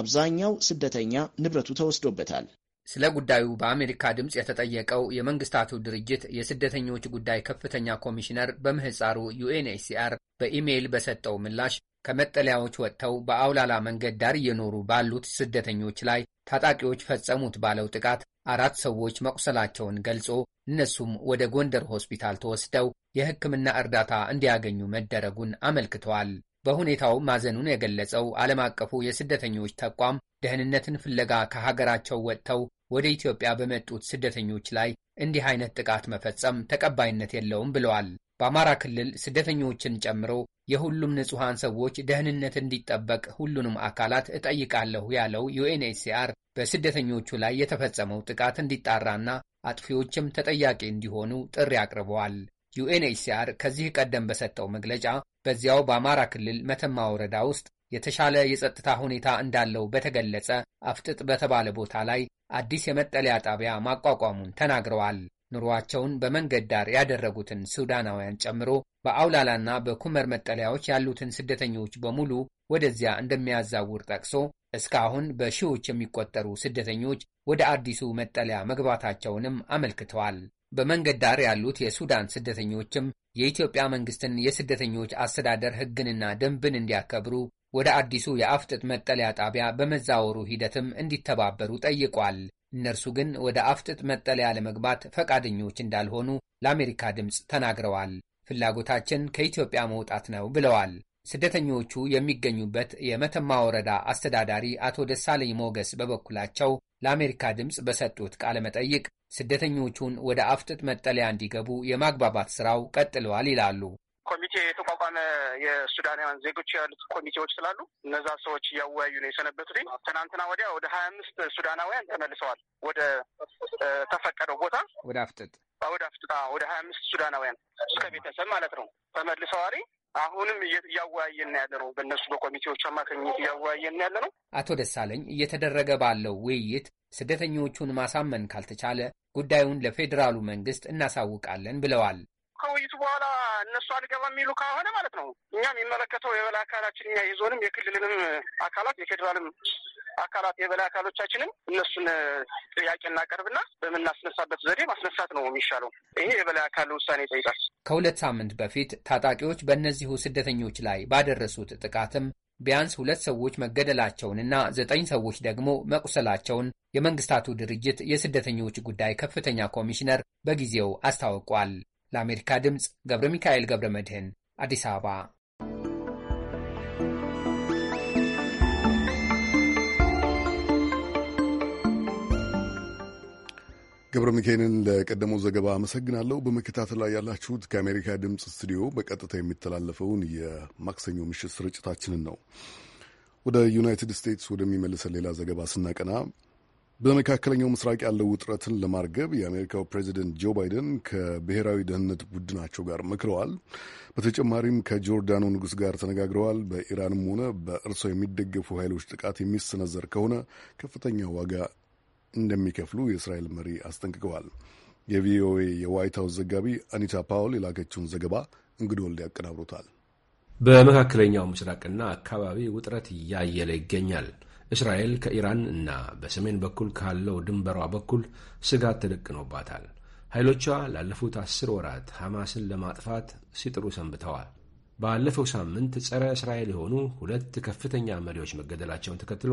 አብዛኛው ስደተኛ ንብረቱ ተወስዶበታል። ስለ ጉዳዩ በአሜሪካ ድምፅ የተጠየቀው የመንግስታቱ ድርጅት የስደተኞች ጉዳይ ከፍተኛ ኮሚሽነር በምህፃሩ ዩኤንኤችሲአር በኢሜይል በሰጠው ምላሽ ከመጠለያዎች ወጥተው በአውላላ መንገድ ዳር እየኖሩ ባሉት ስደተኞች ላይ ታጣቂዎች ፈጸሙት ባለው ጥቃት አራት ሰዎች መቁሰላቸውን ገልጾ እነሱም ወደ ጎንደር ሆስፒታል ተወስደው የሕክምና እርዳታ እንዲያገኙ መደረጉን አመልክተዋል። በሁኔታው ማዘኑን የገለጸው ዓለም አቀፉ የስደተኞች ተቋም ደህንነትን ፍለጋ ከሀገራቸው ወጥተው ወደ ኢትዮጵያ በመጡት ስደተኞች ላይ እንዲህ አይነት ጥቃት መፈጸም ተቀባይነት የለውም ብለዋል። በአማራ ክልል ስደተኞችን ጨምሮ የሁሉም ንጹሐን ሰዎች ደህንነት እንዲጠበቅ ሁሉንም አካላት እጠይቃለሁ ያለው ዩኤንኤችሲአር በስደተኞቹ ላይ የተፈጸመው ጥቃት እንዲጣራና አጥፊዎችም ተጠያቂ እንዲሆኑ ጥሪ አቅርበዋል። ዩኤንኤችሲአር ከዚህ ቀደም በሰጠው መግለጫ በዚያው በአማራ ክልል መተማ ወረዳ ውስጥ የተሻለ የጸጥታ ሁኔታ እንዳለው በተገለጸ አፍጥጥ በተባለ ቦታ ላይ አዲስ የመጠለያ ጣቢያ ማቋቋሙን ተናግረዋል። ኑሯቸውን በመንገድ ዳር ያደረጉትን ሱዳናውያን ጨምሮ በአውላላና በኩመር መጠለያዎች ያሉትን ስደተኞች በሙሉ ወደዚያ እንደሚያዛውር ጠቅሶ እስካሁን በሺዎች የሚቆጠሩ ስደተኞች ወደ አዲሱ መጠለያ መግባታቸውንም አመልክተዋል። በመንገድ ዳር ያሉት የሱዳን ስደተኞችም የኢትዮጵያ መንግስትን የስደተኞች አስተዳደር ሕግንና ደንብን እንዲያከብሩ ወደ አዲሱ የአፍጥጥ መጠለያ ጣቢያ በመዛወሩ ሂደትም እንዲተባበሩ ጠይቋል። እነርሱ ግን ወደ አፍጥጥ መጠለያ ለመግባት ፈቃደኞች እንዳልሆኑ ለአሜሪካ ድምፅ ተናግረዋል። ፍላጎታችን ከኢትዮጵያ መውጣት ነው ብለዋል። ስደተኞቹ የሚገኙበት የመተማ ወረዳ አስተዳዳሪ አቶ ደሳለኝ ሞገስ በበኩላቸው ለአሜሪካ ድምፅ በሰጡት ቃለ መጠይቅ ስደተኞቹን ወደ አፍጥጥ መጠለያ እንዲገቡ የማግባባት ሥራው ቀጥለዋል ይላሉ። ኮሚቴ የተቋቋመ የሱዳናውያን ዜጎች ያሉት ኮሚቴዎች ስላሉ እነዛ ሰዎች እያወያዩ ነው የሰነበቱኝ። ትናንትና ወዲያ ወደ ሀያ አምስት ሱዳናውያን ተመልሰዋል ወደ ተፈቀደው ቦታ ወደ አፍጥጥ ወደ አፍጥጥ ወደ ሀያ አምስት ሱዳናውያን እስከ ቤተሰብ ማለት ነው ተመልሰዋል። አሁንም እያወያየን ያለ ነው። በእነሱ በኮሚቴዎች አማካኝነት እያወያየን ያለ ነው። አቶ ደሳለኝ እየተደረገ ባለው ውይይት ስደተኞቹን ማሳመን ካልተቻለ ጉዳዩን ለፌዴራሉ መንግስት እናሳውቃለን ብለዋል። ከውይይቱ በኋላ እነሱ አልገባ የሚሉ ከሆነ ማለት ነው እኛ የሚመለከተው የበላይ አካላችን እኛ የዞንም የክልልንም አካላት የፌዴራልም አካላት የበላይ አካሎቻችንም እነሱን ጥያቄ እናቀርብና በምናስነሳበት ዘዴ ማስነሳት ነው የሚሻለው። ይሄ የበላይ አካል ውሳኔ ይጠይቃል። ከሁለት ሳምንት በፊት ታጣቂዎች በእነዚሁ ስደተኞች ላይ ባደረሱት ጥቃትም ቢያንስ ሁለት ሰዎች መገደላቸውንና ዘጠኝ ሰዎች ደግሞ መቁሰላቸውን የመንግስታቱ ድርጅት የስደተኞች ጉዳይ ከፍተኛ ኮሚሽነር በጊዜው አስታውቋል። ለአሜሪካ ድምፅ ገብረ ሚካኤል ገብረ መድህን አዲስ አበባ። ገብረ ሚካኤልን ለቀደመው ዘገባ አመሰግናለሁ። በመከታተል ላይ ያላችሁት ከአሜሪካ ድምፅ ስቱዲዮ በቀጥታ የሚተላለፈውን የማክሰኞ ምሽት ስርጭታችንን ነው። ወደ ዩናይትድ ስቴትስ ወደሚመልሰን ሌላ ዘገባ ስናቀና በመካከለኛው ምስራቅ ያለው ውጥረትን ለማርገብ የአሜሪካው ፕሬዚደንት ጆ ባይደን ከብሔራዊ ደህንነት ቡድናቸው ጋር መክረዋል። በተጨማሪም ከጆርዳኑ ንጉሥ ጋር ተነጋግረዋል። በኢራንም ሆነ በእርሶ የሚደገፉ ኃይሎች ጥቃት የሚሰነዘር ከሆነ ከፍተኛ ዋጋ እንደሚከፍሉ የእስራኤል መሪ አስጠንቅቀዋል። የቪኦኤ የዋይት ሀውስ ዘጋቢ አኒታ ፓውል የላከችውን ዘገባ እንግዶ ወልድ ያቀናብሩታል። በመካከለኛው ምስራቅና አካባቢ ውጥረት እያየለ ይገኛል። እስራኤል ከኢራን እና በሰሜን በኩል ካለው ድንበሯ በኩል ስጋት ተደቅኖባታል። ኃይሎቿ ላለፉት አስር ወራት ሐማስን ለማጥፋት ሲጥሩ ሰንብተዋል። ባለፈው ሳምንት ጸረ እስራኤል የሆኑ ሁለት ከፍተኛ መሪዎች መገደላቸውን ተከትሎ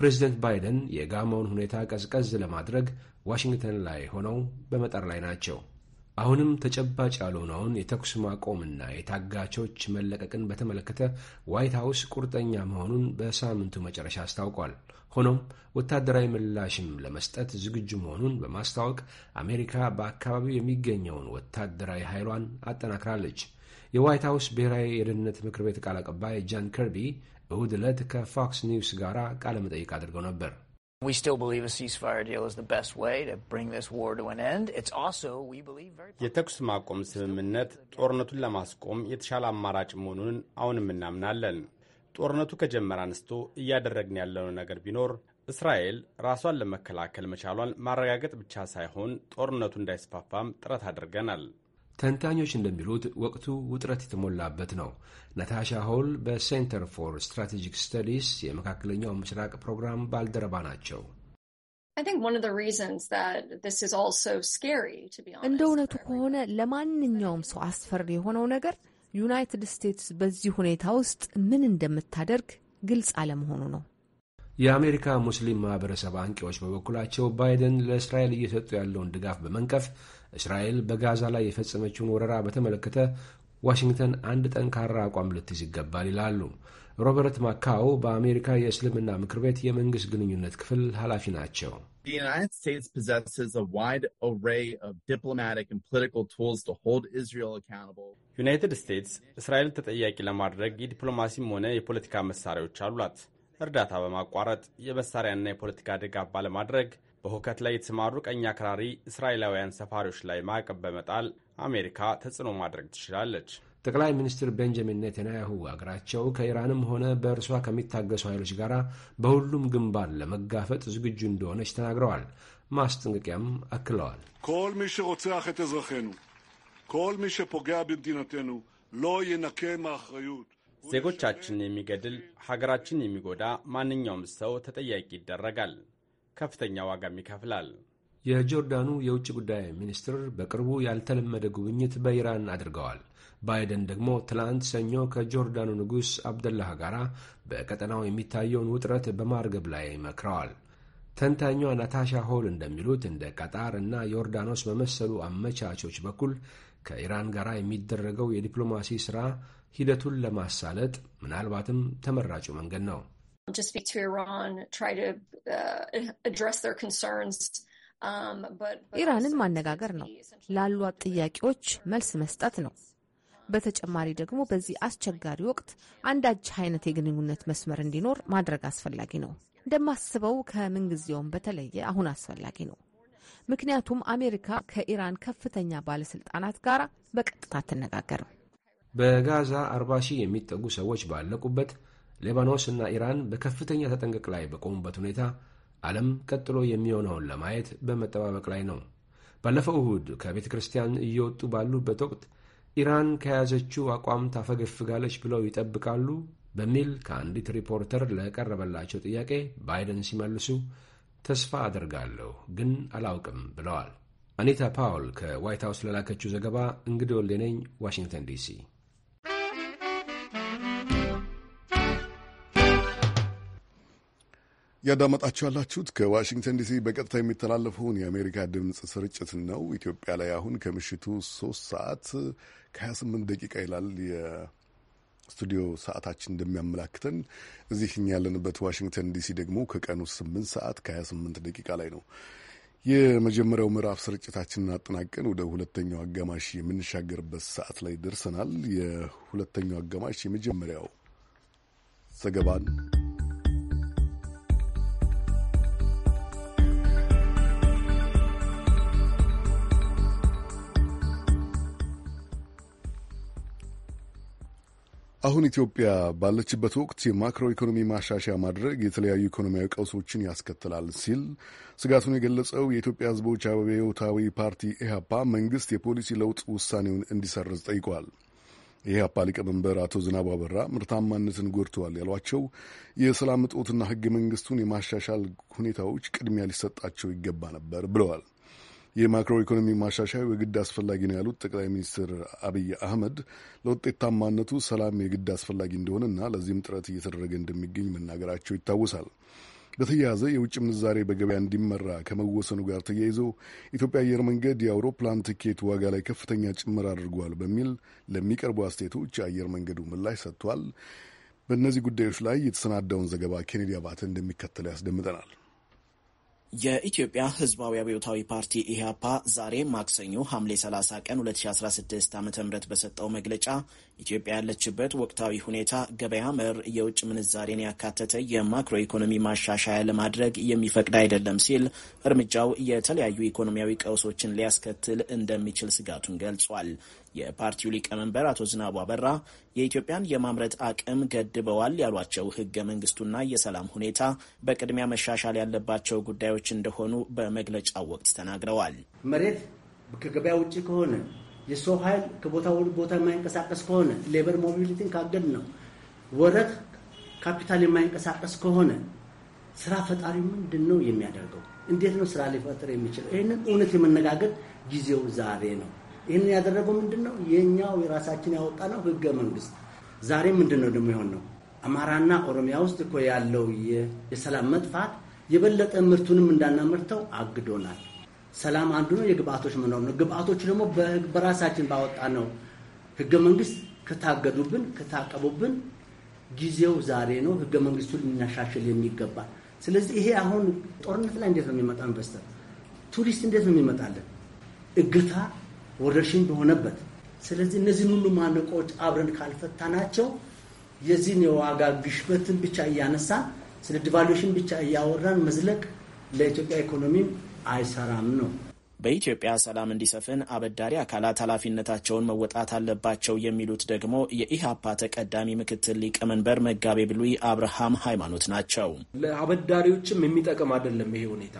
ፕሬዚደንት ባይደን የጋማውን ሁኔታ ቀዝቀዝ ለማድረግ ዋሽንግተን ላይ ሆነው በመጠር ላይ ናቸው። አሁንም ተጨባጭ ያልሆነውን የተኩስ ማቆምና የታጋቾች መለቀቅን በተመለከተ ዋይት ሀውስ ቁርጠኛ መሆኑን በሳምንቱ መጨረሻ አስታውቋል። ሆኖም ወታደራዊ ምላሽም ለመስጠት ዝግጁ መሆኑን በማስታወቅ አሜሪካ በአካባቢው የሚገኘውን ወታደራዊ ኃይሏን አጠናክራለች። የዋይት ሀውስ ብሔራዊ የደህንነት ምክር ቤት ቃል አቀባይ ጃን ከርቢ እሁድ ዕለት ከፎክስ ኒውስ ጋር ቃለ መጠይቅ አድርገው ነበር። We still believe a ceasefire deal is the best way to bring this war to an end. It's also we believe very የተኩስ ማቆም ስምምነት ጦርነቱን ለማስቆም የተሻለ አማራጭ መሆኑን አሁንም እናምናለን። ጦርነቱ ከጀመረ አንስቶ እያደረግን ያለነው ነገር ቢኖር እስራኤል ራሷን ለመከላከል መቻሏን ማረጋገጥ ብቻ ሳይሆን ጦርነቱ እንዳይስፋፋም ጥረት አድርገናል። ተንታኞች እንደሚሉት ወቅቱ ውጥረት የተሞላበት ነው። ናታሻ ሆል በሴንተር ፎር ስትራቴጂክ ስተዲስ የመካከለኛው ምስራቅ ፕሮግራም ባልደረባ ናቸው። እንደ እውነቱ ከሆነ ለማንኛውም ሰው አስፈሪ የሆነው ነገር ዩናይትድ ስቴትስ በዚህ ሁኔታ ውስጥ ምን እንደምታደርግ ግልጽ አለመሆኑ ነው። የአሜሪካ ሙስሊም ማህበረሰብ አንቂዎች በበኩላቸው ባይደን ለእስራኤል እየሰጡ ያለውን ድጋፍ በመንቀፍ እስራኤል በጋዛ ላይ የፈጸመችውን ወረራ በተመለከተ ዋሽንግተን አንድ ጠንካራ አቋም ልትይዝ ይገባል ይላሉ። ሮበርት ማካው በአሜሪካ የእስልምና ምክር ቤት የመንግሥት ግንኙነት ክፍል ኃላፊ ናቸው። ዩናይትድ ስቴትስ እስራኤል ተጠያቂ ለማድረግ የዲፕሎማሲም ሆነ የፖለቲካ መሳሪያዎች አሏት። እርዳታ በማቋረጥ የመሳሪያና የፖለቲካ ድጋፍ ባለማድረግ፣ በሁከት ላይ የተሰማሩ ቀኝ አክራሪ እስራኤላውያን ሰፋሪዎች ላይ ማዕቀብ በመጣል አሜሪካ ተጽዕኖ ማድረግ ትችላለች። ጠቅላይ ሚኒስትር ቤንጃሚን ኔተንያሁ አገራቸው ከኢራንም ሆነ በእርሷ ከሚታገሱ ኃይሎች ጋር በሁሉም ግንባር ለመጋፈጥ ዝግጁ እንደሆነች ተናግረዋል። ማስጠንቀቂያም አክለዋል። ኮል ሚ ዜጎቻችንን የሚገድል ሀገራችን የሚጎዳ ማንኛውም ሰው ተጠያቂ ይደረጋል፣ ከፍተኛ ዋጋም ይከፍላል። የጆርዳኑ የውጭ ጉዳይ ሚኒስትር በቅርቡ ያልተለመደ ጉብኝት በኢራን አድርገዋል። ባይደን ደግሞ ትላንት ሰኞ ከጆርዳኑ ንጉሥ አብደላህ ጋር በቀጠናው የሚታየውን ውጥረት በማርገብ ላይ መክረዋል። ተንታኟ ናታሻ ሆል እንደሚሉት እንደ ቀጣር እና ዮርዳኖስ በመሰሉ አመቻቾች በኩል ከኢራን ጋር የሚደረገው የዲፕሎማሲ ሥራ ሂደቱን ለማሳለጥ ምናልባትም ተመራጩ መንገድ ነው። uh, Um, ኢራንን ማነጋገር ነው፣ ላሏት ጥያቄዎች መልስ መስጠት ነው። um, በተጨማሪ ደግሞ በዚህ አስቸጋሪ ወቅት አንዳች አይነት የግንኙነት መስመር እንዲኖር ማድረግ አስፈላጊ ነው። እንደማስበው ከምንጊዜውም በተለየ አሁን አስፈላጊ ነው። ምክንያቱም አሜሪካ ከኢራን ከፍተኛ ባለስልጣናት ጋር በቀጥታ አትነጋገርም። በጋዛ 40 ሺህ የሚጠጉ ሰዎች ባለቁበት ሌባኖስ እና ኢራን በከፍተኛ ተጠንቀቅ ላይ በቆሙበት ሁኔታ ዓለም ቀጥሎ የሚሆነውን ለማየት በመጠባበቅ ላይ ነው። ባለፈው እሁድ ከቤተ ክርስቲያን እየወጡ ባሉበት ወቅት ኢራን ከያዘችው አቋም ታፈገፍጋለች ብለው ይጠብቃሉ በሚል ከአንዲት ሪፖርተር ለቀረበላቸው ጥያቄ ባይደን ሲመልሱ ተስፋ አደርጋለሁ ግን አላውቅም ብለዋል። አኒታ ፓውል ከዋይት ሀውስ ለላከችው ዘገባ እንግዲህ ወልዴ ነኝ ዋሽንግተን ዲሲ እያዳመጣችሁ ያላችሁት ከዋሽንግተን ዲሲ በቀጥታ የሚተላለፈውን የአሜሪካ ድምፅ ስርጭት ነው። ኢትዮጵያ ላይ አሁን ከምሽቱ ሶስት ሰዓት ከ28 ደቂቃ ይላል የስቱዲዮ ሰዓታችን እንደሚያመላክተን። እዚህ እኛ ያለንበት ዋሽንግተን ዲሲ ደግሞ ከቀኑ 8 ሰዓት ከ28 ደቂቃ ላይ ነው። የመጀመሪያው ምዕራፍ ስርጭታችንን አጠናቀን ወደ ሁለተኛው አጋማሽ የምንሻገርበት ሰዓት ላይ ደርሰናል። የሁለተኛው አጋማሽ የመጀመሪያው ዘገባን አሁን ኢትዮጵያ ባለችበት ወቅት የማክሮ ኢኮኖሚ ማሻሻያ ማድረግ የተለያዩ ኢኮኖሚያዊ ቀውሶችን ያስከትላል ሲል ስጋቱን የገለጸው የኢትዮጵያ ሕዝቦች አብዮታዊ ፓርቲ ኢህአፓ መንግስት የፖሊሲ ለውጥ ውሳኔውን እንዲሰርዝ ጠይቋል። የኢህአፓ ሊቀመንበር አቶ ዝናቡ አበራ ምርታማነትን ጎድተዋል ያሏቸው የሰላም እጦትና ህገ መንግስቱን የማሻሻል ሁኔታዎች ቅድሚያ ሊሰጣቸው ይገባ ነበር ብለዋል። የማክሮ ኢኮኖሚ ማሻሻያ የግድ አስፈላጊ ነው ያሉት ጠቅላይ ሚኒስትር አብይ አህመድ ለውጤታማነቱ ሰላም የግድ አስፈላጊ እንደሆነና ለዚህም ጥረት እየተደረገ እንደሚገኝ መናገራቸው ይታወሳል። በተያያዘ የውጭ ምንዛሬ በገበያ እንዲመራ ከመወሰኑ ጋር ተያይዞ ኢትዮጵያ አየር መንገድ የአውሮፕላን ትኬት ዋጋ ላይ ከፍተኛ ጭምር አድርጓል በሚል ለሚቀርቡ አስተያየቶች አየር መንገዱ ምላሽ ሰጥቷል። በእነዚህ ጉዳዮች ላይ የተሰናዳውን ዘገባ ኬኔዲ አባተ እንደሚከተለው ያስደምጠናል። የኢትዮጵያ ህዝባዊ አብዮታዊ ፓርቲ ኢህአፓ ዛሬ ማክሰኞ ሐምሌ 30 ቀን 2016 ዓ ም በሰጠው መግለጫ ኢትዮጵያ ያለችበት ወቅታዊ ሁኔታ ገበያ መር የውጭ ምንዛሬን ያካተተ የማክሮ ኢኮኖሚ ማሻሻያ ለማድረግ የሚፈቅድ አይደለም ሲል እርምጃው የተለያዩ ኢኮኖሚያዊ ቀውሶችን ሊያስከትል እንደሚችል ስጋቱን ገልጿል። የፓርቲው ሊቀመንበር አቶ ዝናቡ አበራ የኢትዮጵያን የማምረት አቅም ገድበዋል ያሏቸው ህገ መንግስቱና የሰላም ሁኔታ በቅድሚያ መሻሻል ያለባቸው ጉዳዮች እንደሆኑ በመግለጫው ወቅት ተናግረዋል። መሬት ከገበያ ውጭ ከሆነ፣ የሰው ኃይል ከቦታ ቦታ የማይንቀሳቀስ ከሆነ፣ ሌበር ሞቢሊቲን ካገድ ነው፣ ወረት ካፒታል የማይንቀሳቀስ ከሆነ ስራ ፈጣሪ ምንድን ነው የሚያደርገው? እንዴት ነው ስራ ሊፈጥር የሚችለው? ይህንን እውነት የመነጋገር ጊዜው ዛሬ ነው። ይህን ያደረገው ምንድን ነው? የእኛው የራሳችን ያወጣ ነው ህገ መንግስት። ዛሬ ምንድን ነው ደግሞ የሆን ነው አማራና ኦሮሚያ ውስጥ እኮ ያለው የሰላም መጥፋት የበለጠ ምርቱንም እንዳናመርተው አግዶናል። ሰላም አንዱ ነው፣ የግብአቶች መኖር ነው። ግብአቶቹ ደግሞ በራሳችን ባወጣ ነው ህገ መንግስት ከታገዱብን ከታቀቡብን ጊዜው ዛሬ ነው። ህገ መንግስቱን ልናሻሽል የሚገባል። ስለዚህ ይሄ አሁን ጦርነት ላይ እንዴት ነው የሚመጣ ኢንቨስተር? ቱሪስት እንዴት ነው የሚመጣለን? እገታ ወረርሽኝ በሆነበት። ስለዚህ እነዚህን ሁሉ ማነቆዎች አብረን ካልፈታናቸው የዚህን የዋጋ ግሽበትን ብቻ እያነሳ ስለ ዲቫሉሽን ብቻ እያወራን መዝለቅ ለኢትዮጵያ ኢኮኖሚም አይሰራም ነው። በኢትዮጵያ ሰላም እንዲሰፍን አበዳሪ አካላት ኃላፊነታቸውን መወጣት አለባቸው የሚሉት ደግሞ የኢህአፓ ተቀዳሚ ምክትል ሊቀመንበር መጋቤ ብሉይ አብርሃም ሃይማኖት ናቸው። ለአበዳሪዎችም የሚጠቅም አይደለም ይሄ ሁኔታ።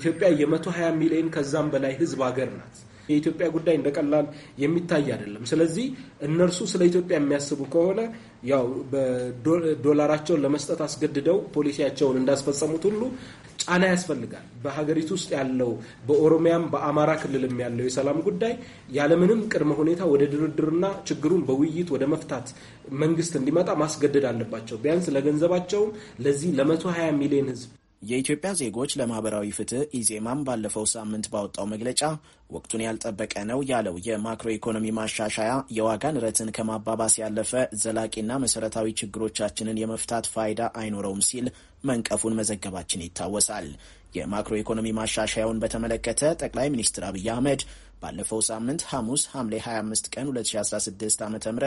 ኢትዮጵያ የመቶ ሀያ ሚሊዮን ከዛም በላይ ህዝብ ሀገር ናት። የኢትዮጵያ ጉዳይ እንደ ቀላል የሚታይ አይደለም። ስለዚህ እነርሱ ስለ ኢትዮጵያ የሚያስቡ ከሆነ ያው በዶላራቸውን ለመስጠት አስገድደው ፖሊሲያቸውን እንዳስፈጸሙት ሁሉ ጫና ያስፈልጋል። በሀገሪቱ ውስጥ ያለው በኦሮሚያም በአማራ ክልልም ያለው የሰላም ጉዳይ ያለምንም ቅድመ ሁኔታ ወደ ድርድርና ችግሩን በውይይት ወደ መፍታት መንግስት እንዲመጣ ማስገደድ አለባቸው። ቢያንስ ለገንዘባቸውም ለዚህ ለመቶ 20 ሚሊዮን ህዝብ የኢትዮጵያ ዜጎች ለማህበራዊ ፍትህ ኢዜማም ባለፈው ሳምንት ባወጣው መግለጫ ወቅቱን ያልጠበቀ ነው ያለው የማክሮ ኢኮኖሚ ማሻሻያ የዋጋ ንረትን ከማባባስ ያለፈ ዘላቂና መሰረታዊ ችግሮቻችንን የመፍታት ፋይዳ አይኖረውም ሲል መንቀፉን መዘገባችን ይታወሳል። የማክሮ ኢኮኖሚ ማሻሻያውን በተመለከተ ጠቅላይ ሚኒስትር አብይ አህመድ ባለፈው ሳምንት ሐሙስ ሐምሌ 25 ቀን 2016 ዓ ም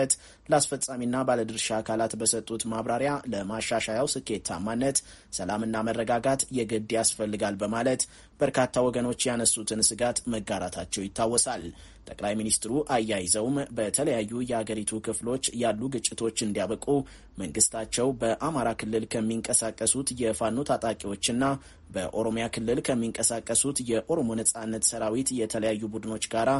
ለአስፈጻሚና ባለድርሻ አካላት በሰጡት ማብራሪያ ለማሻሻያው ስኬታማነት ሰላምና መረጋጋት የግድ ያስፈልጋል በማለት በርካታ ወገኖች ያነሱትን ስጋት መጋራታቸው ይታወሳል። ጠቅላይ ሚኒስትሩ አያይዘውም በተለያዩ የአገሪቱ ክፍሎች ያሉ ግጭቶች እንዲያበቁ መንግስታቸው በአማራ ክልል ከሚንቀሳቀሱት የፋኖ ታጣቂዎችና በኦሮሚያ ክልል ከሚንቀሳቀሱት የኦሮሞ ነጻነት ሰራዊት የተለያዩ ቡድኖች ጋራ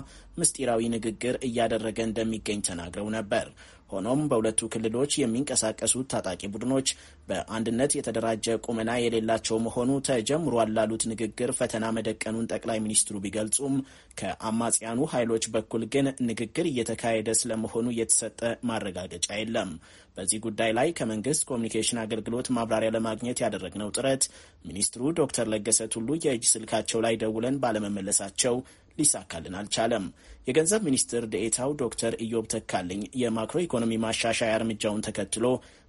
ምስጢራዊ ንግግር እያደረገ እንደሚገኝ ተናግረው ነበር። ሆኖም በሁለቱ ክልሎች የሚንቀሳቀሱ ታጣቂ ቡድኖች በአንድነት የተደራጀ ቁመና የሌላቸው መሆኑ ተጀምሯል ላሉት ንግግር ፈተና መደቀኑን ጠቅላይ ሚኒስትሩ ቢገልጹም ከአማጽያኑ ኃይሎች በኩል ግን ንግግር እየተካሄደ ስለመሆኑ የተሰጠ ማረጋገጫ የለም። በዚህ ጉዳይ ላይ ከመንግስት ኮሚኒኬሽን አገልግሎት ማብራሪያ ለማግኘት ያደረግነው ጥረት ሚኒስትሩ ዶክተር ለገሰ ቱሉ የእጅ ስልካቸው ላይ ደውለን ባለመመለሳቸው ሊሳካልን አልቻለም። የገንዘብ ሚኒስትር ደኤታው ዶክተር ኢዮብ ተካልኝ የማክሮ ኢኮኖሚ ማሻሻያ እርምጃውን ተከትሎ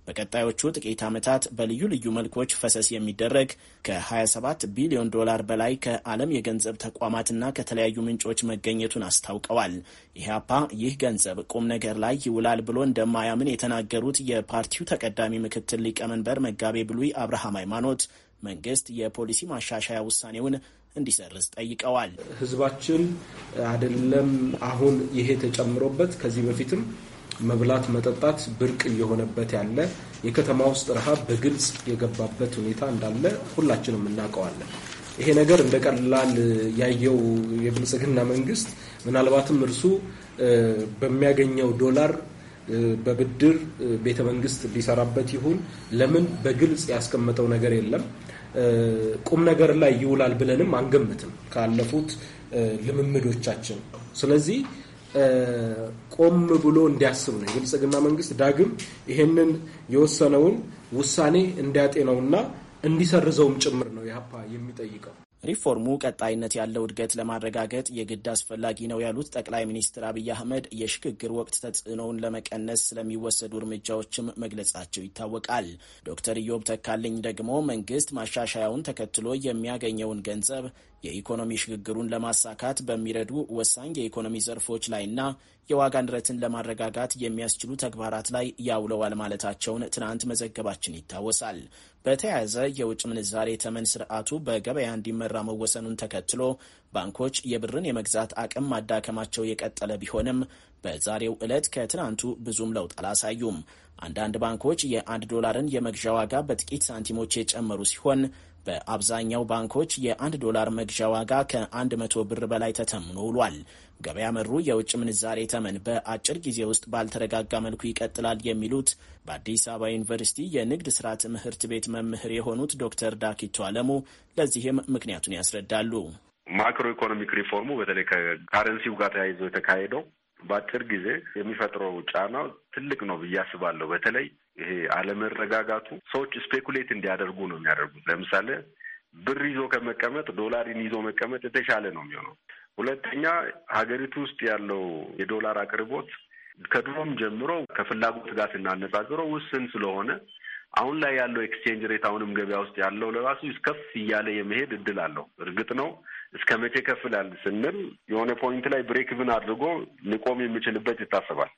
በቀጣዮቹ ጥቂት ዓመታት በልዩ ልዩ መልኮች ፈሰስ የሚደረግ ከ27 ቢሊዮን ዶላር በላይ ከዓለም የገንዘብ ተቋማትና ከተለያዩ ምንጮች መገኘቱን አስታውቀዋል። ኢህአፓ ይህ ገንዘብ ቁም ነገር ላይ ይውላል ብሎ እንደማያምን የተናገሩት የፓርቲው ተቀዳሚ ምክትል ሊቀመንበር መጋቤ ብሉይ አብርሃም ሃይማኖት መንግስት የፖሊሲ ማሻሻያ ውሳኔውን እንዲሰርዝ ጠይቀዋል። ህዝባችን አይደለም አሁን ይሄ ተጨምሮበት ከዚህ በፊትም መብላት መጠጣት ብርቅ እየሆነበት ያለ የከተማ ውስጥ ረሃብ በግልጽ የገባበት ሁኔታ እንዳለ ሁላችንም እናውቀዋለን። ይሄ ነገር እንደ ቀላል ያየው የብልጽግና መንግስት ምናልባትም እርሱ በሚያገኘው ዶላር በብድር ቤተ መንግስት ቢሰራበት ይሁን ለምን በግልጽ ያስቀመጠው ነገር የለም። ቁም ነገር ላይ ይውላል ብለንም አንገምትም ካለፉት ልምምዶቻችን። ስለዚህ ቆም ብሎ እንዲያስብ ነው የብልጽግና መንግስት ዳግም ይሄንን የወሰነውን ውሳኔ እንዲያጤነውና እንዲሰርዘውም ጭምር ነው የሀፓ የሚጠይቀው። ሪፎርሙ ቀጣይነት ያለው እድገት ለማረጋገጥ የግድ አስፈላጊ ነው ያሉት ጠቅላይ ሚኒስትር አብይ አህመድ የሽግግር ወቅት ተጽዕኖውን ለመቀነስ ስለሚወሰዱ እርምጃዎችም መግለጻቸው ይታወቃል። ዶክተር ኢዮብ ተካልኝ ደግሞ መንግስት ማሻሻያውን ተከትሎ የሚያገኘውን ገንዘብ የኢኮኖሚ ሽግግሩን ለማሳካት በሚረዱ ወሳኝ የኢኮኖሚ ዘርፎች ላይና የዋጋ ንረትን ለማረጋጋት የሚያስችሉ ተግባራት ላይ ያውለዋል ማለታቸውን ትናንት መዘገባችን ይታወሳል። በተያያዘ የውጭ ምንዛሬ ተመን ስርዓቱ በገበያ እንዲመራ መወሰኑን ተከትሎ ባንኮች የብርን የመግዛት አቅም ማዳከማቸው የቀጠለ ቢሆንም በዛሬው ዕለት ከትናንቱ ብዙም ለውጥ አላሳዩም። አንዳንድ ባንኮች የአንድ ዶላርን የመግዣ ዋጋ በጥቂት ሳንቲሞች የጨመሩ ሲሆን በአብዛኛው ባንኮች የአንድ ዶላር መግዣ ዋጋ ከ100 ብር በላይ ተተምኖ ውሏል። ገበያ መሩ የውጭ ምንዛሬ ተመን በአጭር ጊዜ ውስጥ ባልተረጋጋ መልኩ ይቀጥላል የሚሉት በአዲስ አበባ ዩኒቨርሲቲ የንግድ ስራ ትምህርት ቤት መምህር የሆኑት ዶክተር ዳኪቶ አለሙ ለዚህም ምክንያቱን ያስረዳሉ። ማክሮ ኢኮኖሚክ ሪፎርሙ በተለይ ከካረንሲው ጋር ተያይዞ የተካሄደው በአጭር ጊዜ የሚፈጥረው ጫና ትልቅ ነው ብዬ አስባለሁ። በተለይ ይሄ አለመረጋጋቱ ሰዎች ስፔኩሌት እንዲያደርጉ ነው የሚያደርጉት። ለምሳሌ ብር ይዞ ከመቀመጥ ዶላርን ይዞ መቀመጥ የተሻለ ነው የሚሆነው። ሁለተኛ ሀገሪቱ ውስጥ ያለው የዶላር አቅርቦት ከድሮም ጀምሮ ከፍላጎት ጋር ስናነጻጽረው ውስን ስለሆነ አሁን ላይ ያለው ኤክስቼንጅ ሬት አሁንም ገበያ ውስጥ ያለው ለራሱ ከፍ እያለ የመሄድ እድል አለው። እርግጥ ነው እስከ መቼ ከፍላል ስንል የሆነ ፖይንት ላይ ብሬክ ብን አድርጎ ሊቆም የሚችልበት ይታሰባል።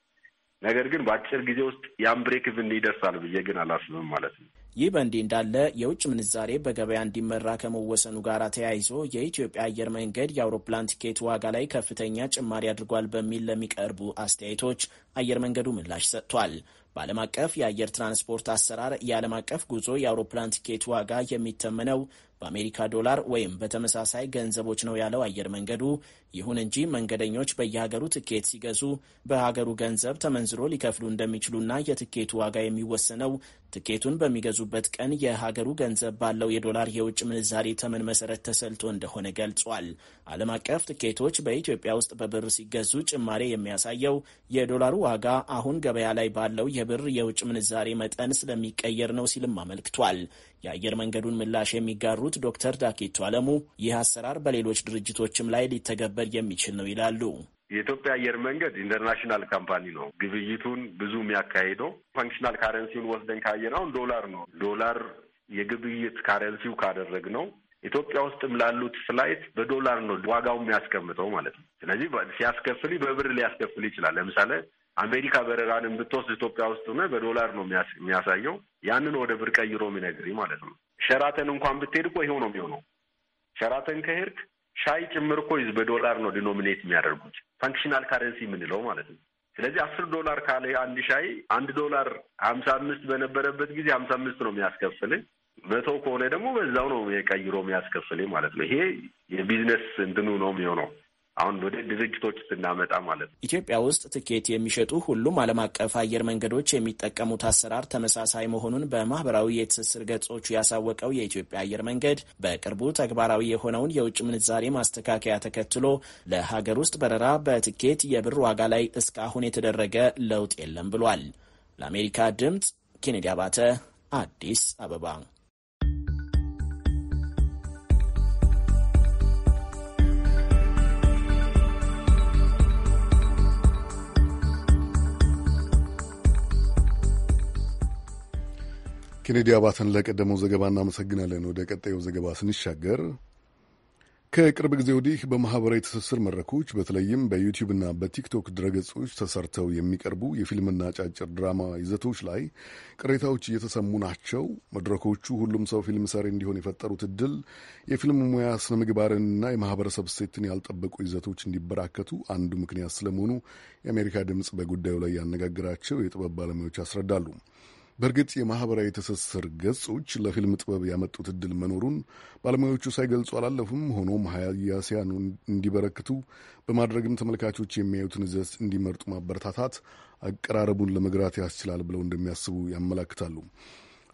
ነገር ግን በአጭር ጊዜ ውስጥ ያን ብሬክ ብን ይደርሳል ብዬ ግን አላስብም ማለት ነው። ይህ በእንዲህ እንዳለ የውጭ ምንዛሬ በገበያ እንዲመራ ከመወሰኑ ጋር ተያይዞ የኢትዮጵያ አየር መንገድ የአውሮፕላን ቲኬት ዋጋ ላይ ከፍተኛ ጭማሪ አድርጓል በሚል ለሚቀርቡ አስተያየቶች አየር መንገዱ ምላሽ ሰጥቷል። በዓለም አቀፍ የአየር ትራንስፖርት አሰራር የዓለም አቀፍ ጉዞ የአውሮፕላን ቲኬት ዋጋ የሚተመነው በአሜሪካ ዶላር ወይም በተመሳሳይ ገንዘቦች ነው ያለው አየር መንገዱ። ይሁን እንጂ መንገደኞች በየሀገሩ ትኬት ሲገዙ በሀገሩ ገንዘብ ተመንዝሮ ሊከፍሉ እንደሚችሉና የትኬቱ ዋጋ የሚወሰነው ትኬቱን በሚገዙበት ቀን የሀገሩ ገንዘብ ባለው የዶላር የውጭ ምንዛሬ ተመን መሰረት ተሰልቶ እንደሆነ ገልጿል። ዓለም አቀፍ ትኬቶች በኢትዮጵያ ውስጥ በብር ሲገዙ ጭማሬ የሚያሳየው የዶላሩ ዋጋ አሁን ገበያ ላይ ባለው የብር የውጭ ምንዛሬ መጠን ስለሚቀየር ነው ሲልም አመልክቷል። የአየር መንገዱን ምላሽ የሚጋሩት ዶክተር ዳኬቱ አለሙ ይህ አሰራር በሌሎች ድርጅቶችም ላይ ሊተገበር የሚችል ነው ይላሉ። የኢትዮጵያ አየር መንገድ ኢንተርናሽናል ካምፓኒ ነው። ግብይቱን ብዙ የሚያካሂደው ፋንክሽናል ካረንሲውን ወስደን ካየን አሁን ዶላር ነው። ዶላር የግብይት ካረንሲው ካደረግ ነው ኢትዮጵያ ውስጥም ላሉት ፍላይት በዶላር ነው ዋጋው የሚያስቀምጠው ማለት ነው። ስለዚህ ሲያስከፍል በብር ሊያስከፍል ይችላል። ለምሳሌ አሜሪካ በረራንም ብትወስድ ኢትዮጵያ ውስጥ ሆነ በዶላር ነው የሚያሳየው። ያንን ወደ ብር ቀይሮ የሚነግርህ ማለት ነው። ሸራተን እንኳን ብትሄድ እኮ ይሄው ነው የሚሆነው። ሸራተን ከሄድክ ሻይ ጭምር እኮ ይዝ በዶላር ነው ዲኖሚኔት የሚያደርጉት ፈንክሽናል ካረንሲ የምንለው ማለት ነው። ስለዚህ አስር ዶላር ካለ አንድ ሻይ አንድ ዶላር ሀምሳ አምስት በነበረበት ጊዜ ሀምሳ አምስት ነው የሚያስከፍልን መቶ ከሆነ ደግሞ በዛው ነው የቀይሮ የሚያስከፍልህ ማለት ነው። ይሄ የቢዝነስ እንትኑ ነው የሚሆነው አሁን ወደ ድርጅቶች ስናመጣ ማለት ነው። ኢትዮጵያ ውስጥ ትኬት የሚሸጡ ሁሉም ዓለም አቀፍ አየር መንገዶች የሚጠቀሙት አሰራር ተመሳሳይ መሆኑን በማህበራዊ የትስስር ገጾቹ ያሳወቀው የኢትዮጵያ አየር መንገድ በቅርቡ ተግባራዊ የሆነውን የውጭ ምንዛሬ ማስተካከያ ተከትሎ ለሀገር ውስጥ በረራ በትኬት የብር ዋጋ ላይ እስካሁን የተደረገ ለውጥ የለም ብሏል። ለአሜሪካ ድምፅ ኬኔዲ አባተ አዲስ አበባ ኬኔዲ አባተን ለቀደመው ዘገባ እናመሰግናለን። ወደ ቀጣዩ ዘገባ ስንሻገር ከቅርብ ጊዜ ወዲህ በማኅበራዊ ትስስር መድረኮች በተለይም በዩቲዩብና በቲክቶክ ድረገጾች ተሰርተው የሚቀርቡ የፊልምና አጫጭር ድራማ ይዘቶች ላይ ቅሬታዎች እየተሰሙ ናቸው። መድረኮቹ ሁሉም ሰው ፊልም ሰሪ እንዲሆን የፈጠሩት እድል የፊልም ሙያ ስነ ምግባርንና የማህበረሰብ ሴትን ያልጠበቁ ይዘቶች እንዲበራከቱ አንዱ ምክንያት ስለመሆኑ የአሜሪካ ድምፅ በጉዳዩ ላይ ያነጋግራቸው የጥበብ ባለሙያዎች ያስረዳሉ። በእርግጥ የማህበራዊ ትስስር ገጾች ለፊልም ጥበብ ያመጡት እድል መኖሩን ባለሙያዎቹ ሳይገልጹ አላለፉም። ሆኖም ሀያሲያን እንዲበረክቱ በማድረግም ተመልካቾች የሚያዩትን ይዘት እንዲመርጡ ማበረታታት አቀራረቡን ለመግራት ያስችላል ብለው እንደሚያስቡ ያመላክታሉ።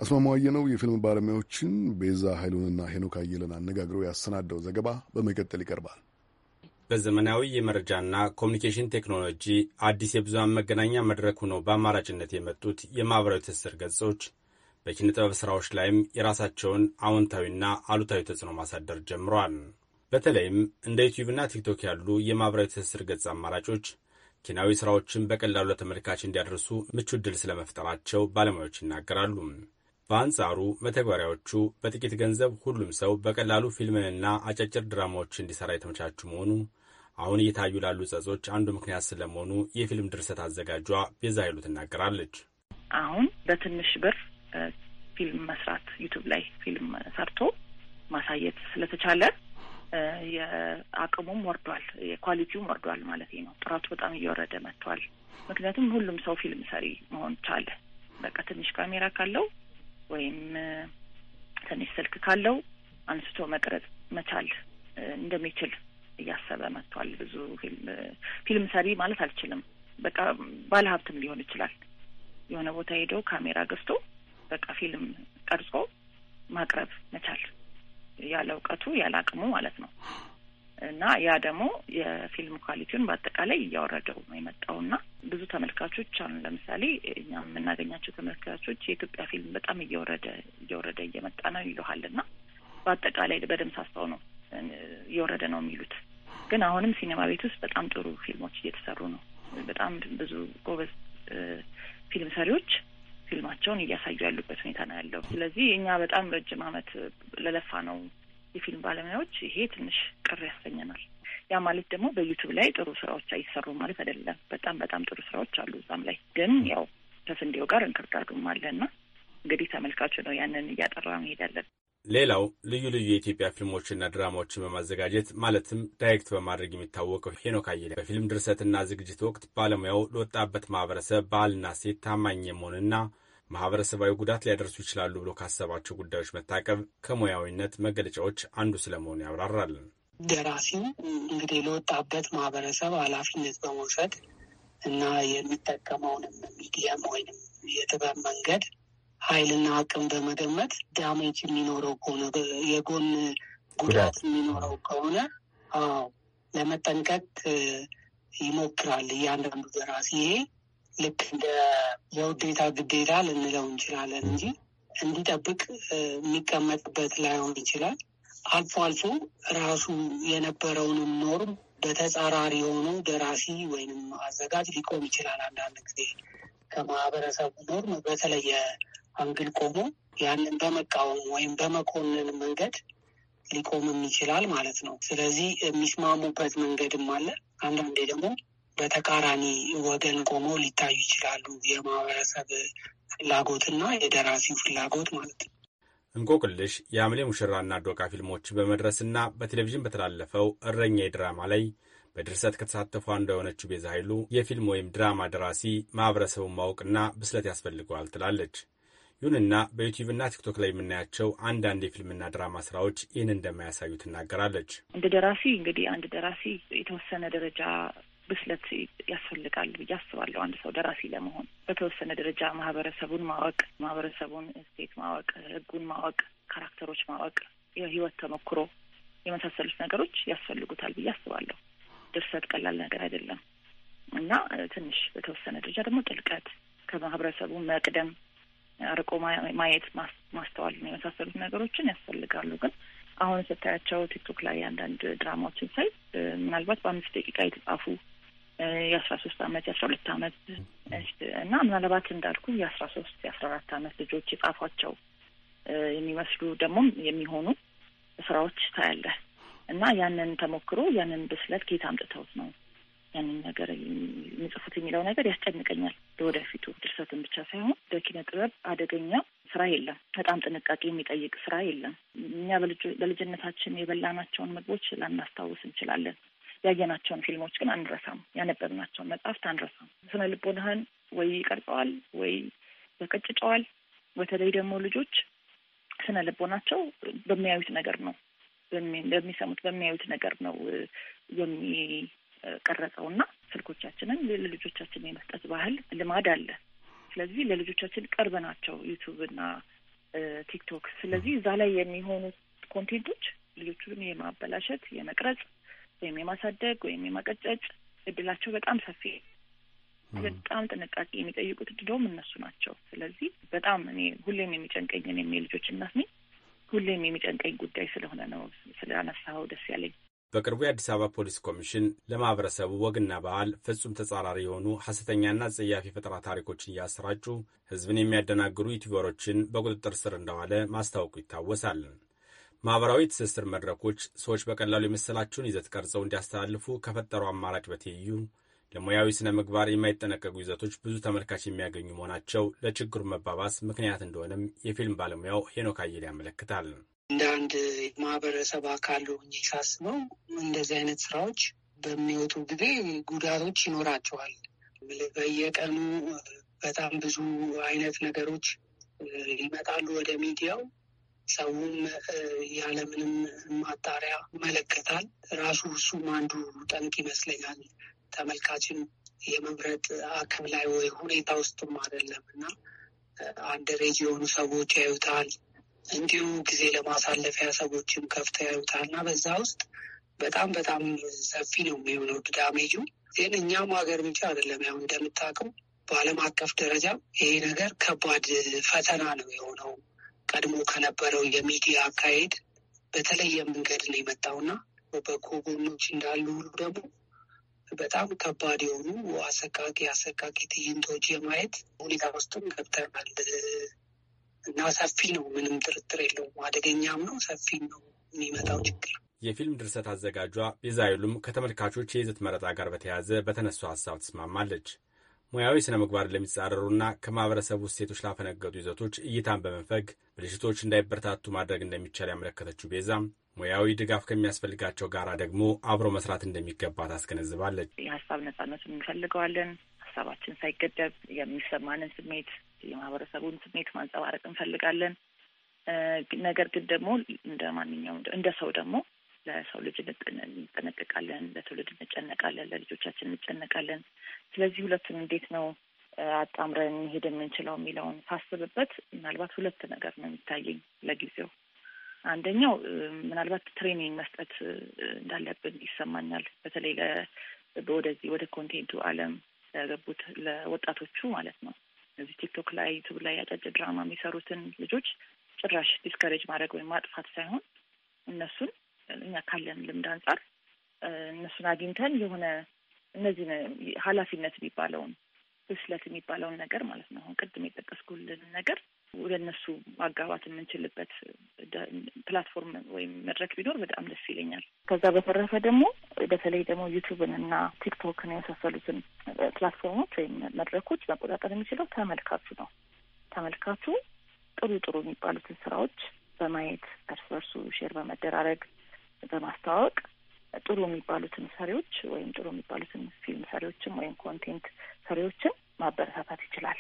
አስማማዋየ ነው የፊልም ባለሙያዎችን ቤዛ ኃይሉንና ሄኖክ አየለን አነጋግረው ያሰናደው ዘገባ በመቀጠል ይቀርባል። በዘመናዊ የመረጃና ኮሚኒኬሽን ቴክኖሎጂ አዲስ የብዙሃን መገናኛ መድረክ ሆነው በአማራጭነት የመጡት የማኅበራዊ ትስስር ገጾች በኪነ ጥበብ ሥራዎች ላይም የራሳቸውን አዎንታዊና አሉታዊ ተጽዕኖ ማሳደር ጀምረዋል። በተለይም እንደ ዩቲዩብና ቲክቶክ ያሉ የማኅበራዊ ትስስር ገጽ አማራጮች ኪናዊ ሥራዎችን በቀላሉ ለተመልካች እንዲያደርሱ ምቹ ዕድል ስለመፍጠራቸው ባለሙያዎች ይናገራሉ። በአንጻሩ መተግበሪያዎቹ በጥቂት ገንዘብ ሁሉም ሰው በቀላሉ ፊልምንና አጫጭር ድራማዎች እንዲሠራ የተመቻቹ መሆኑ አሁን እየታዩ ላሉ ጸጾች አንዱ ምክንያት ስለመሆኑ የፊልም ድርሰት አዘጋጇ ቤዛ ኃይሉ ትናገራለች። አሁን በትንሽ ብር ፊልም መስራት ዩቱብ ላይ ፊልም ሰርቶ ማሳየት ስለተቻለ የአቅሙም ወርዷል፣ የኳሊቲውም ወርዷል ማለት ነው። ጥራቱ በጣም እየወረደ መጥቷል። ምክንያቱም ሁሉም ሰው ፊልም ሰሪ መሆን ቻለ። በቃ ትንሽ ካሜራ ካለው ወይም ትንሽ ስልክ ካለው አንስቶ መቅረጽ መቻል እንደሚችል እያሰበ መጥቷል። ብዙ ፊልም ፊልም ሰሪ ማለት አልችልም። በቃ ባለ ሀብትም ሊሆን ይችላል። የሆነ ቦታ ሄዶ ካሜራ ገዝቶ በቃ ፊልም ቀርጾ ማቅረብ መቻል ያለ እውቀቱ ያለ አቅሙ ማለት ነው። እና ያ ደግሞ የፊልም ኳሊቲውን በአጠቃላይ እያወረደው ነው የመጣው እና ብዙ ተመልካቾች አሁን ለምሳሌ እኛ የምናገኛቸው ተመልካቾች የኢትዮጵያ ፊልም በጣም እየወረደ እየወረደ እየመጣ ነው ይለሃል እና በአጠቃላይ በደምሳሳው ነው እየወረደ ነው የሚሉት ግን አሁንም ሲኔማ ቤት ውስጥ በጣም ጥሩ ፊልሞች እየተሰሩ ነው። በጣም ብዙ ጎበዝ ፊልም ሰሪዎች ፊልማቸውን እያሳዩ ያሉበት ሁኔታ ነው ያለው። ስለዚህ እኛ በጣም ረጅም ዓመት ለለፋ ነው የፊልም ባለሙያዎች ይሄ ትንሽ ቅር ያሰኘናል። ያ ማለት ደግሞ በዩቱብ ላይ ጥሩ ስራዎች አይሰሩም ማለት አይደለም። በጣም በጣም ጥሩ ስራዎች አሉ እዛም ላይ ግን ያው ከስንዴው ጋር እንክርዳዱም አለና እንግዲህ ተመልካቹ ነው ያንን እያጠራ መሄድ ያለን። ሌላው ልዩ ልዩ የኢትዮጵያ ፊልሞችና ድራማዎችን በማዘጋጀት ማለትም ዳይሬክት በማድረግ የሚታወቀው ሄኖክ አየለ በፊልም ድርሰትና ዝግጅት ወቅት ባለሙያው ለወጣበት ማህበረሰብ ባህልና ሴት ታማኝ የመሆንና ማህበረሰባዊ ጉዳት ሊያደርሱ ይችላሉ ብሎ ካሰባቸው ጉዳዮች መታቀብ ከሙያዊነት መገለጫዎች አንዱ ስለመሆኑ ያብራራል። ደራሲ እንግዲህ ለወጣበት ማህበረሰብ ኃላፊነት በመውሰድ እና የሚጠቀመውንም ሚዲያም ወይም የጥበብ መንገድ ኃይልና አቅም በመገመት ዳሜጅ የሚኖረው ከሆነ የጎን ጉዳት የሚኖረው ከሆነ አዎ ለመጠንቀቅ ይሞክራል እያንዳንዱ ደራሲ። ይሄ ልክ እንደ የውዴታ ግዴታ ልንለው እንችላለን እንጂ እንዲጠብቅ የሚቀመጥበት ላይሆን ይችላል። አልፎ አልፎ ራሱ የነበረውንም ኖርም በተጻራሪ የሆኑ ደራሲ ወይንም አዘጋጅ ሊቆም ይችላል። አንዳንድ ጊዜ ከማህበረሰቡ ኖርም በተለየ አንግል ቆሞ ያንን በመቃወም ወይም በመኮንን መንገድ ሊቆምም ይችላል ማለት ነው። ስለዚህ የሚስማሙበት መንገድም አለ። አንዳንዴ ደግሞ በተቃራኒ ወገን ቆመው ሊታዩ ይችላሉ። የማህበረሰብ ፍላጎትና የደራሲው ፍላጎት ማለት ነው። እንቆቅልሽ፣ የሐምሌ ሙሽራና ዶቃ ፊልሞች በመድረስና በቴሌቪዥን በተላለፈው እረኛ ድራማ ላይ በድርሰት ከተሳተፉ አንዷ የሆነችው ቤዛ ኃይሉ የፊልም ወይም ድራማ ደራሲ ማኅበረሰቡን ማወቅና ብስለት ያስፈልገዋል ትላለች። ይሁንና በዩቲዩብና ቲክቶክ ላይ የምናያቸው አንዳንድ የፊልምና ድራማ ስራዎች ይህን እንደማያሳዩ ትናገራለች። እንደ ደራሲ እንግዲህ አንድ ደራሲ የተወሰነ ደረጃ ብስለት ያስፈልጋል ብዬ አስባለሁ። አንድ ሰው ደራሲ ለመሆን በተወሰነ ደረጃ ማህበረሰቡን ማወቅ፣ ማህበረሰቡን ስቴት ማወቅ፣ ህጉን ማወቅ፣ ካራክተሮች ማወቅ፣ የህይወት ተሞክሮ የመሳሰሉት ነገሮች ያስፈልጉታል ብዬ አስባለሁ። ድርሰት ቀላል ነገር አይደለም እና ትንሽ በተወሰነ ደረጃ ደግሞ ጥልቀት ከማህበረሰቡ መቅደም አርቆ ማየት ማስተዋል ነው የመሳሰሉት ነገሮችን ያስፈልጋሉ። ግን አሁን ስታያቸው ቲክቶክ ላይ አንዳንድ ድራማዎችን ሳይ ምናልባት በአምስት ደቂቃ የተጻፉ የአስራ ሶስት አመት የአስራ ሁለት አመት እና ምናልባት እንዳልኩ የአስራ ሶስት የአስራ አራት አመት ልጆች የጻፏቸው የሚመስሉ ደግሞም የሚሆኑ ስራዎች ታያለህ እና ያንን ተሞክሮ ያንን ብስለት ከየት አምጥተውት ነው ያንን ነገር የሚጽፉት የሚለው ነገር ያስጨንቀኛል። ለወደፊቱ ድርሰትን ብቻ ሳይሆን በኪነ ጥበብ አደገኛ ስራ የለም። በጣም ጥንቃቄ የሚጠይቅ ስራ የለም። እኛ በልጅነታችን የበላናቸውን ምግቦች ላናስታውስ እንችላለን። ያየናቸውን ፊልሞች ግን አንረሳም። ያነበብናቸውን መጽሐፍት አንረሳም። ስነ ልቦናህን ወይ ይቀርጸዋል ወይ ያቀጭጨዋል። በተለይ ደግሞ ልጆች ስነ ልቦናቸው በሚያዩት ነገር ነው በሚሰሙት በሚያዩት ነገር ነው የሚ ቀረጸውና ስልኮቻችንን ለልጆቻችን የመስጠት ባህል ልማድ አለ። ስለዚህ ለልጆቻችን ቅርብ ናቸው ዩቱብ እና ቲክቶክ። ስለዚህ እዛ ላይ የሚሆኑት ኮንቴንቶች ልጆቹን የማበላሸት የመቅረጽ ወይም የማሳደግ ወይም የማቀጨጭ እድላቸው በጣም ሰፊ በጣም ጥንቃቄ የሚጠይቁት ድደውም እነሱ ናቸው። ስለዚህ በጣም እኔ ሁሌም የሚጨንቀኝን የሚ ልጆች እናት ነኝ። ሁሌም የሚጨንቀኝ ጉዳይ ስለሆነ ነው ስለ አነሳኸው ደስ ያለኝ። በቅርቡ የአዲስ አበባ ፖሊስ ኮሚሽን ለማህበረሰቡ ወግና ባህል ፍጹም ተጻራሪ የሆኑ ሐሰተኛና አጸያፊ የፈጠራ ታሪኮችን እያሰራጩ ህዝብን የሚያደናግሩ ዩቲዩበሮችን በቁጥጥር ስር እንደዋለ ማስታወቁ ይታወሳል። ማህበራዊ ትስስር መድረኮች ሰዎች በቀላሉ የመሰላቸውን ይዘት ቀርጸው እንዲያስተላልፉ ከፈጠሩ አማራጭ በትይዩ ለሙያዊ ስነ ምግባር የማይጠነቀቁ ይዘቶች ብዙ ተመልካች የሚያገኙ መሆናቸው ለችግሩ መባባስ ምክንያት እንደሆነም የፊልም ባለሙያው ሄኖክ ያመለክታል። እንደ አንድ ማህበረሰብ አካል ሆኜ ሳስበው እንደዚህ አይነት ስራዎች በሚወጡ ጊዜ ጉዳቶች ይኖራቸዋል። በየቀኑ በጣም ብዙ አይነት ነገሮች ይመጣሉ ወደ ሚዲያው። ሰውም ያለምንም ማጣሪያ ይመለከታል። ራሱ እሱም አንዱ ጠንቅ ይመስለኛል። ተመልካችን የመምረጥ አቅም ላይ ወይ ሁኔታ ውስጥም አይደለም እና አንድ ሬጅ የሆኑ ሰዎች ያዩታል። እንዲሁ ጊዜ ለማሳለፊያ ሰዎችም ከፍተ ያዩታል እና በዛ ውስጥ በጣም በጣም ሰፊ ነው የሚሆነው ዳሜጁ። ግን እኛም ሀገር ብቻ አይደለም ያው እንደምታውቀው በዓለም አቀፍ ደረጃ ይሄ ነገር ከባድ ፈተና ነው የሆነው። ቀድሞ ከነበረው የሚዲያ አካሄድ በተለየ መንገድ ነው የመጣውና በጎ ጎኖች እንዳሉ ሁሉ ደግሞ በጣም ከባድ የሆኑ አሰቃቂ አሰቃቂ ትዕይንቶች የማየት ሁኔታ ውስጥም ገብተናል። እና ሰፊ ነው፣ ምንም ጥርጥር የለውም። አደገኛም ነው፣ ሰፊ ነው የሚመጣው ችግር። የፊልም ድርሰት አዘጋጇ ቤዛይሉም ከተመልካቾች የይዘት መረጣ ጋር በተያያዘ በተነሱ ሀሳብ ትስማማለች። ሙያዊ ስነ ምግባር ለሚጻረሩና ከማህበረሰቡ እሴቶች ላፈነገጡ ይዘቶች እይታን በመንፈግ ብልሽቶች እንዳይበረታቱ ማድረግ እንደሚቻል ያመለከተችው ቤዛም ሙያዊ ድጋፍ ከሚያስፈልጋቸው ጋራ ደግሞ አብሮ መስራት እንደሚገባ ታስገነዝባለች። የሀሳብ ነጻነቱን እንፈልገዋለን። ሀሳባችን ሳይገደብ የሚሰማንን ስሜት የማህበረሰቡን ስሜት ማንጸባረቅ እንፈልጋለን። ነገር ግን ደግሞ እንደ ማንኛውም እንደ ሰው ደግሞ ለሰው ልጅ እንጠነቀቃለን፣ ለትውልድ እንጨነቃለን፣ ለልጆቻችን እንጨነቃለን። ስለዚህ ሁለቱን እንዴት ነው አጣምረን መሄድ የምንችለው የሚለውን ሳስብበት ምናልባት ሁለት ነገር ነው የሚታየኝ ለጊዜው። አንደኛው ምናልባት ትሬኒንግ መስጠት እንዳለብን ይሰማኛል። በተለይ ወደዚህ ወደ ኮንቴንቱ ዓለም ያገቡት ለወጣቶቹ ማለት ነው። እዚህ ቲክቶክ ላይ ዩቱብ ላይ ያጫጭር ድራማ የሚሰሩትን ልጆች ጭራሽ ዲስከሬጅ ማድረግ ወይም ማጥፋት ሳይሆን እነሱን እኛ ካለን ልምድ አንጻር እነሱን አግኝተን የሆነ እነዚህ ኃላፊነት የሚባለውን ብስለት የሚባለውን ነገር ማለት ነው አሁን ቅድም የጠቀስኩልን ነገር ወደ እነሱ ማጋባት የምንችልበት ፕላትፎርም ወይም መድረክ ቢኖር በጣም ደስ ይለኛል። ከዛ በተረፈ ደግሞ በተለይ ደግሞ ዩቱብን እና ቲክቶክን የመሳሰሉትን ፕላትፎርሞች ወይም መድረኮች መቆጣጠር የሚችለው ተመልካቹ ነው። ተመልካቹ ጥሩ ጥሩ የሚባሉትን ስራዎች በማየት እርስ በርሱ ሼር በመደራረግ በማስተዋወቅ ጥሩ የሚባሉትን ሰሪዎች ወይም ጥሩ የሚባሉትን ፊልም ሰሪዎችን ወይም ኮንቴንት ሰሪዎችን ማበረታታት ይችላል።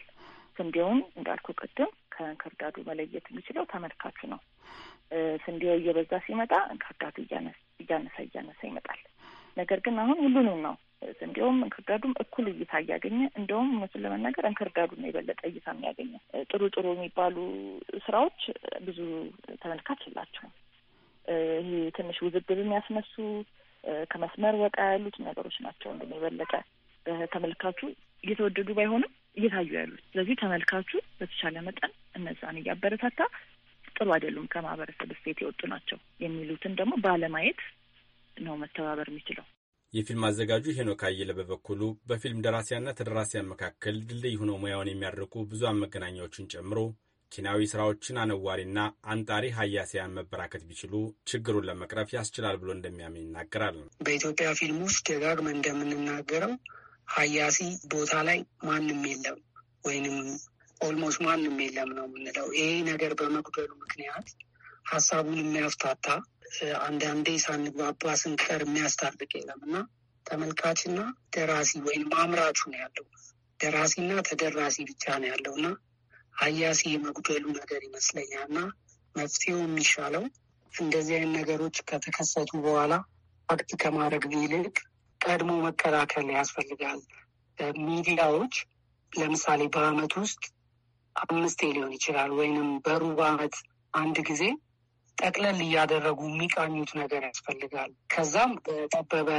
ስንዴውን እንዳልኩ ቅድም ከእንክርዳዱ መለየት የሚችለው ተመልካቹ ነው። ስንዴው እየበዛ ሲመጣ እንክርዳዱ እያነሳ እያነሳ ይመጣል። ነገር ግን አሁን ሁሉንም ነው እንዲሁም እንክርዳዱም እኩል እይታ እያገኘ እንደውም እውነቱን ለመናገር እንክርዳዱ ነው የበለጠ እይታ የሚያገኘ። ጥሩ ጥሩ የሚባሉ ስራዎች ብዙ ተመልካች የላቸውም። ይህ ትንሽ ውዝግብ የሚያስነሱ ከመስመር ወጣ ያሉት ነገሮች ናቸው። እንደ የበለጠ ተመልካቹ እየተወደዱ ባይሆንም እየታዩ ያሉት። ስለዚህ ተመልካቹ በተቻለ መጠን እነዛን እያበረታታ ጥሩ አይደሉም፣ ከማህበረሰብ እሴት የወጡ ናቸው የሚሉትን ደግሞ ባለማየት ነው መተባበር የሚችለው። የፊልም አዘጋጁ ሄኖክ አየለ በበኩሉ በፊልም ደራሲያና ተደራሲያን መካከል ድልድይ ሆነው ሙያውን የሚያደርጉ ብዙሃን መገናኛዎችን ጨምሮ ኪናዊ ስራዎችን አነዋሪና አንጣሪ ሀያሲያን መበራከት ቢችሉ ችግሩን ለመቅረፍ ያስችላል ብሎ እንደሚያምን ይናገራል። በኢትዮጵያ ፊልም ውስጥ ደጋግመን እንደምንናገረው ሀያሲ ቦታ ላይ ማንም የለም ወይንም ኦልሞስት ማንም የለም ነው የምንለው። ይሄ ነገር በመጉደሉ ምክንያት ሀሳቡን የሚያፍታታ አንዳንዴ ሳንግባባ ስንቀር የሚያስታርቅ የለም እና ተመልካችና ደራሲ ወይም አምራቹ ነው ያለው። ደራሲና ተደራሲ ብቻ ነው ያለው እና ሀያሲ የመጉደሉ ነገር ይመስለኛል እና መፍትሄው የሚሻለው እንደዚህ አይነት ነገሮች ከተከሰቱ በኋላ አክት ከማድረግ ይልቅ ቀድሞ መከላከል ያስፈልጋል። ሚዲያዎች ለምሳሌ በአመት ውስጥ አምስቴ ሊሆን ይችላል ወይንም በሩብ አመት አንድ ጊዜ ጠቅለል እያደረጉ የሚቃኙት ነገር ያስፈልጋል። ከዛም በጠበበ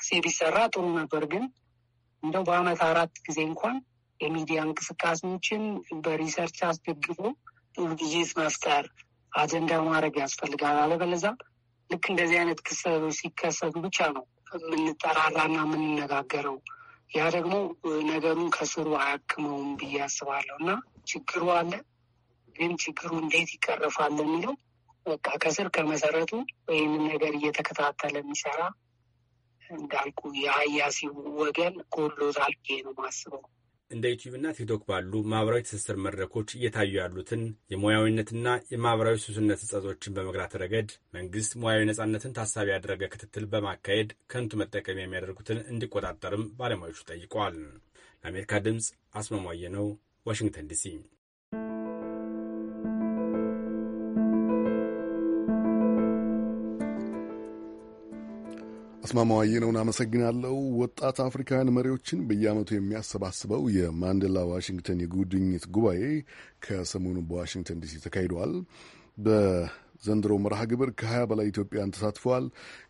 ጊዜ ቢሰራ ጥሩ ነበር። ግን እንደው በአመት አራት ጊዜ እንኳን የሚዲያ እንቅስቃሴዎችን በሪሰርች አስደግፎ ውይይት መፍጠር፣ አጀንዳ ማድረግ ያስፈልጋል። አለበለዛ ልክ እንደዚህ አይነት ክስተቶች ሲከሰቱ ብቻ ነው የምንጠራራና የምንነጋገረው ያ ደግሞ ነገሩን ከስሩ አያክመውም ብዬ አስባለሁ እና ችግሩ አለ፣ ግን ችግሩ እንዴት ይቀርፋል የሚለው በቃ ከስር ከመሰረቱ ይህንን ነገር እየተከታተለ የሚሰራ እንዳልኩ የሀያሲው ወገን ጎሎታል ነው ማስበው። እንደ ዩቲዩብና ቲክቶክ ባሉ ማህበራዊ ትስስር መድረኮች እየታዩ ያሉትን የሙያዊነትና የማህበራዊ ሱስነት እጸጾችን በመግራት ረገድ መንግስት ሙያዊ ነጻነትን ታሳቢ ያደረገ ክትትል በማካሄድ ከንቱ መጠቀም የሚያደርጉትን እንዲቆጣጠርም ባለሙያዎቹ ጠይቋል። ለአሜሪካ ድምፅ አስማማየ ነው፣ ዋሽንግተን ዲሲ አስማማው አየነውን አመሰግናለሁ። ወጣት አፍሪካውያን መሪዎችን በየዓመቱ የሚያሰባስበው የማንዴላ ዋሽንግተን የጉድኝት ጉባኤ ከሰሞኑ በዋሽንግተን ዲሲ ተካሂደዋል። በዘንድሮ መርሃ ግብር ከ20 በላይ ኢትዮጵያን ተሳትፈዋል።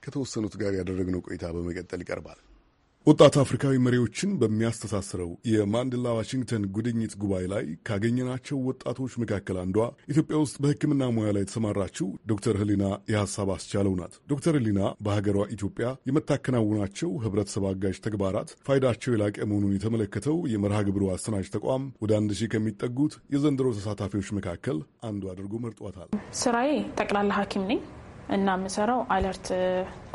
ከተወሰኑት ጋር ያደረግነው ቆይታ በመቀጠል ይቀርባል። ወጣት አፍሪካዊ መሪዎችን በሚያስተሳስረው የማንዴላ ዋሽንግተን ጉድኝት ጉባኤ ላይ ካገኘናቸው ወጣቶች መካከል አንዷ ኢትዮጵያ ውስጥ በሕክምና ሙያ ላይ የተሰማራችው ዶክተር ህሊና የሀሳብ አስቻለው ናት። ዶክተር ህሊና በሀገሯ ኢትዮጵያ የምታከናውናቸው ህብረተሰብ አጋዥ ተግባራት ፋይዳቸው የላቀ መሆኑን የተመለከተው የመርሃ ግብሩ አሰናጅ ተቋም ወደ አንድ ሺህ ከሚጠጉት የዘንድሮ ተሳታፊዎች መካከል አንዱ አድርጎ መርጧታል። ስራዬ ጠቅላላ ሐኪም ነኝ። እና የምሰራው አለርት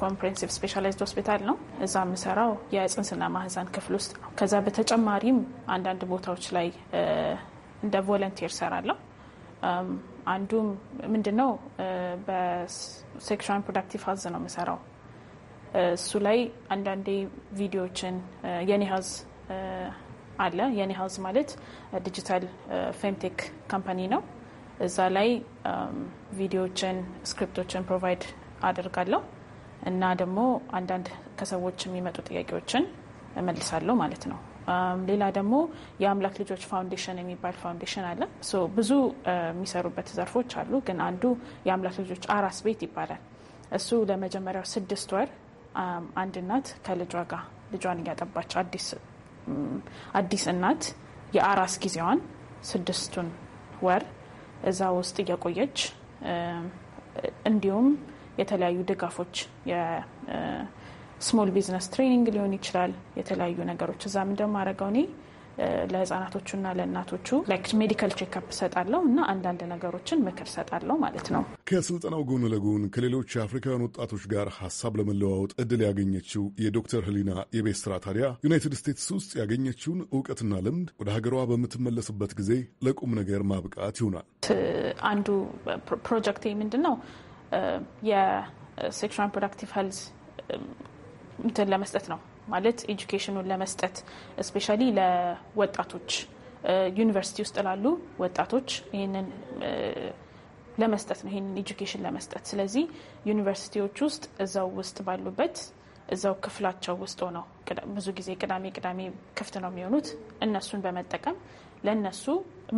ኮምፕሬንሲቭ ስፔሻላይዝድ ሆስፒታል ነው። እዛ የምሰራው የጽንስና ማህዛን ክፍል ውስጥ ነው። ከዛ በተጨማሪም አንዳንድ ቦታዎች ላይ እንደ ቮለንቲር ሰራለሁ። አንዱም ምንድን ነው በሴክሹዋል ፕሮዳክቲቭ ሀዝ ነው የምሰራው። እሱ ላይ አንዳንዴ ቪዲዮዎችን የኔ ሀዝ አለ። የኔ ሀዝ ማለት ዲጂታል ፌምቴክ ካምፓኒ ነው። እዛ ላይ ቪዲዮዎችን፣ ስክሪፕቶችን ፕሮቫይድ አደርጋለሁ እና ደግሞ አንዳንድ ከሰዎች የሚመጡ ጥያቄዎችን እመልሳለሁ ማለት ነው። ሌላ ደግሞ የአምላክ ልጆች ፋውንዴሽን የሚባል ፋውንዴሽን አለ። ብዙ የሚሰሩበት ዘርፎች አሉ፣ ግን አንዱ የአምላክ ልጆች አራስ ቤት ይባላል። እሱ ለመጀመሪያው ስድስት ወር አንድ እናት ከልጇ ጋር ልጇን እያጠባች አዲስ እናት የአራስ ጊዜዋን ስድስቱን ወር እዛ ውስጥ እየቆየች እንዲሁም የተለያዩ ድጋፎች የስሞል ቢዝነስ ትሬኒንግ ሊሆን ይችላል የተለያዩ ነገሮች እዛም እንደማረገው እኔ ለህጻናቶቹና ለእናቶቹ ሜዲካል ቼክአፕ ሰጣለሁ እና አንዳንድ ነገሮችን ምክር ሰጣለሁ ማለት ነው። ከስልጠናው ጎን ለጎን ከሌሎች የአፍሪካውያን ወጣቶች ጋር ሀሳብ ለመለዋወጥ እድል ያገኘችው የዶክተር ህሊና የቤት ስራ ታዲያ ዩናይትድ ስቴትስ ውስጥ ያገኘችውን እውቀትና ልምድ ወደ ሀገሯ በምትመለስበት ጊዜ ለቁም ነገር ማብቃት ይሆናል። አንዱ ፕሮጀክት ምንድን ነው የሴክሹዋል ፕሮዳክቲቭ ሄልዝ እንትን ለመስጠት ነው ማለት ኤጁኬሽኑን ለመስጠት እስፔሻሊ ለወጣቶች ዩኒቨርሲቲ ውስጥ ላሉ ወጣቶች ይህንን ለመስጠት ነው ይህንን ኤጁኬሽን ለመስጠት። ስለዚህ ዩኒቨርሲቲዎች ውስጥ እዛው ውስጥ ባሉበት እዛው ክፍላቸው ውስጥ ሆነው ብዙ ጊዜ ቅዳሜ ቅዳሜ ክፍት ነው የሚሆኑት እነሱን በመጠቀም ለእነሱ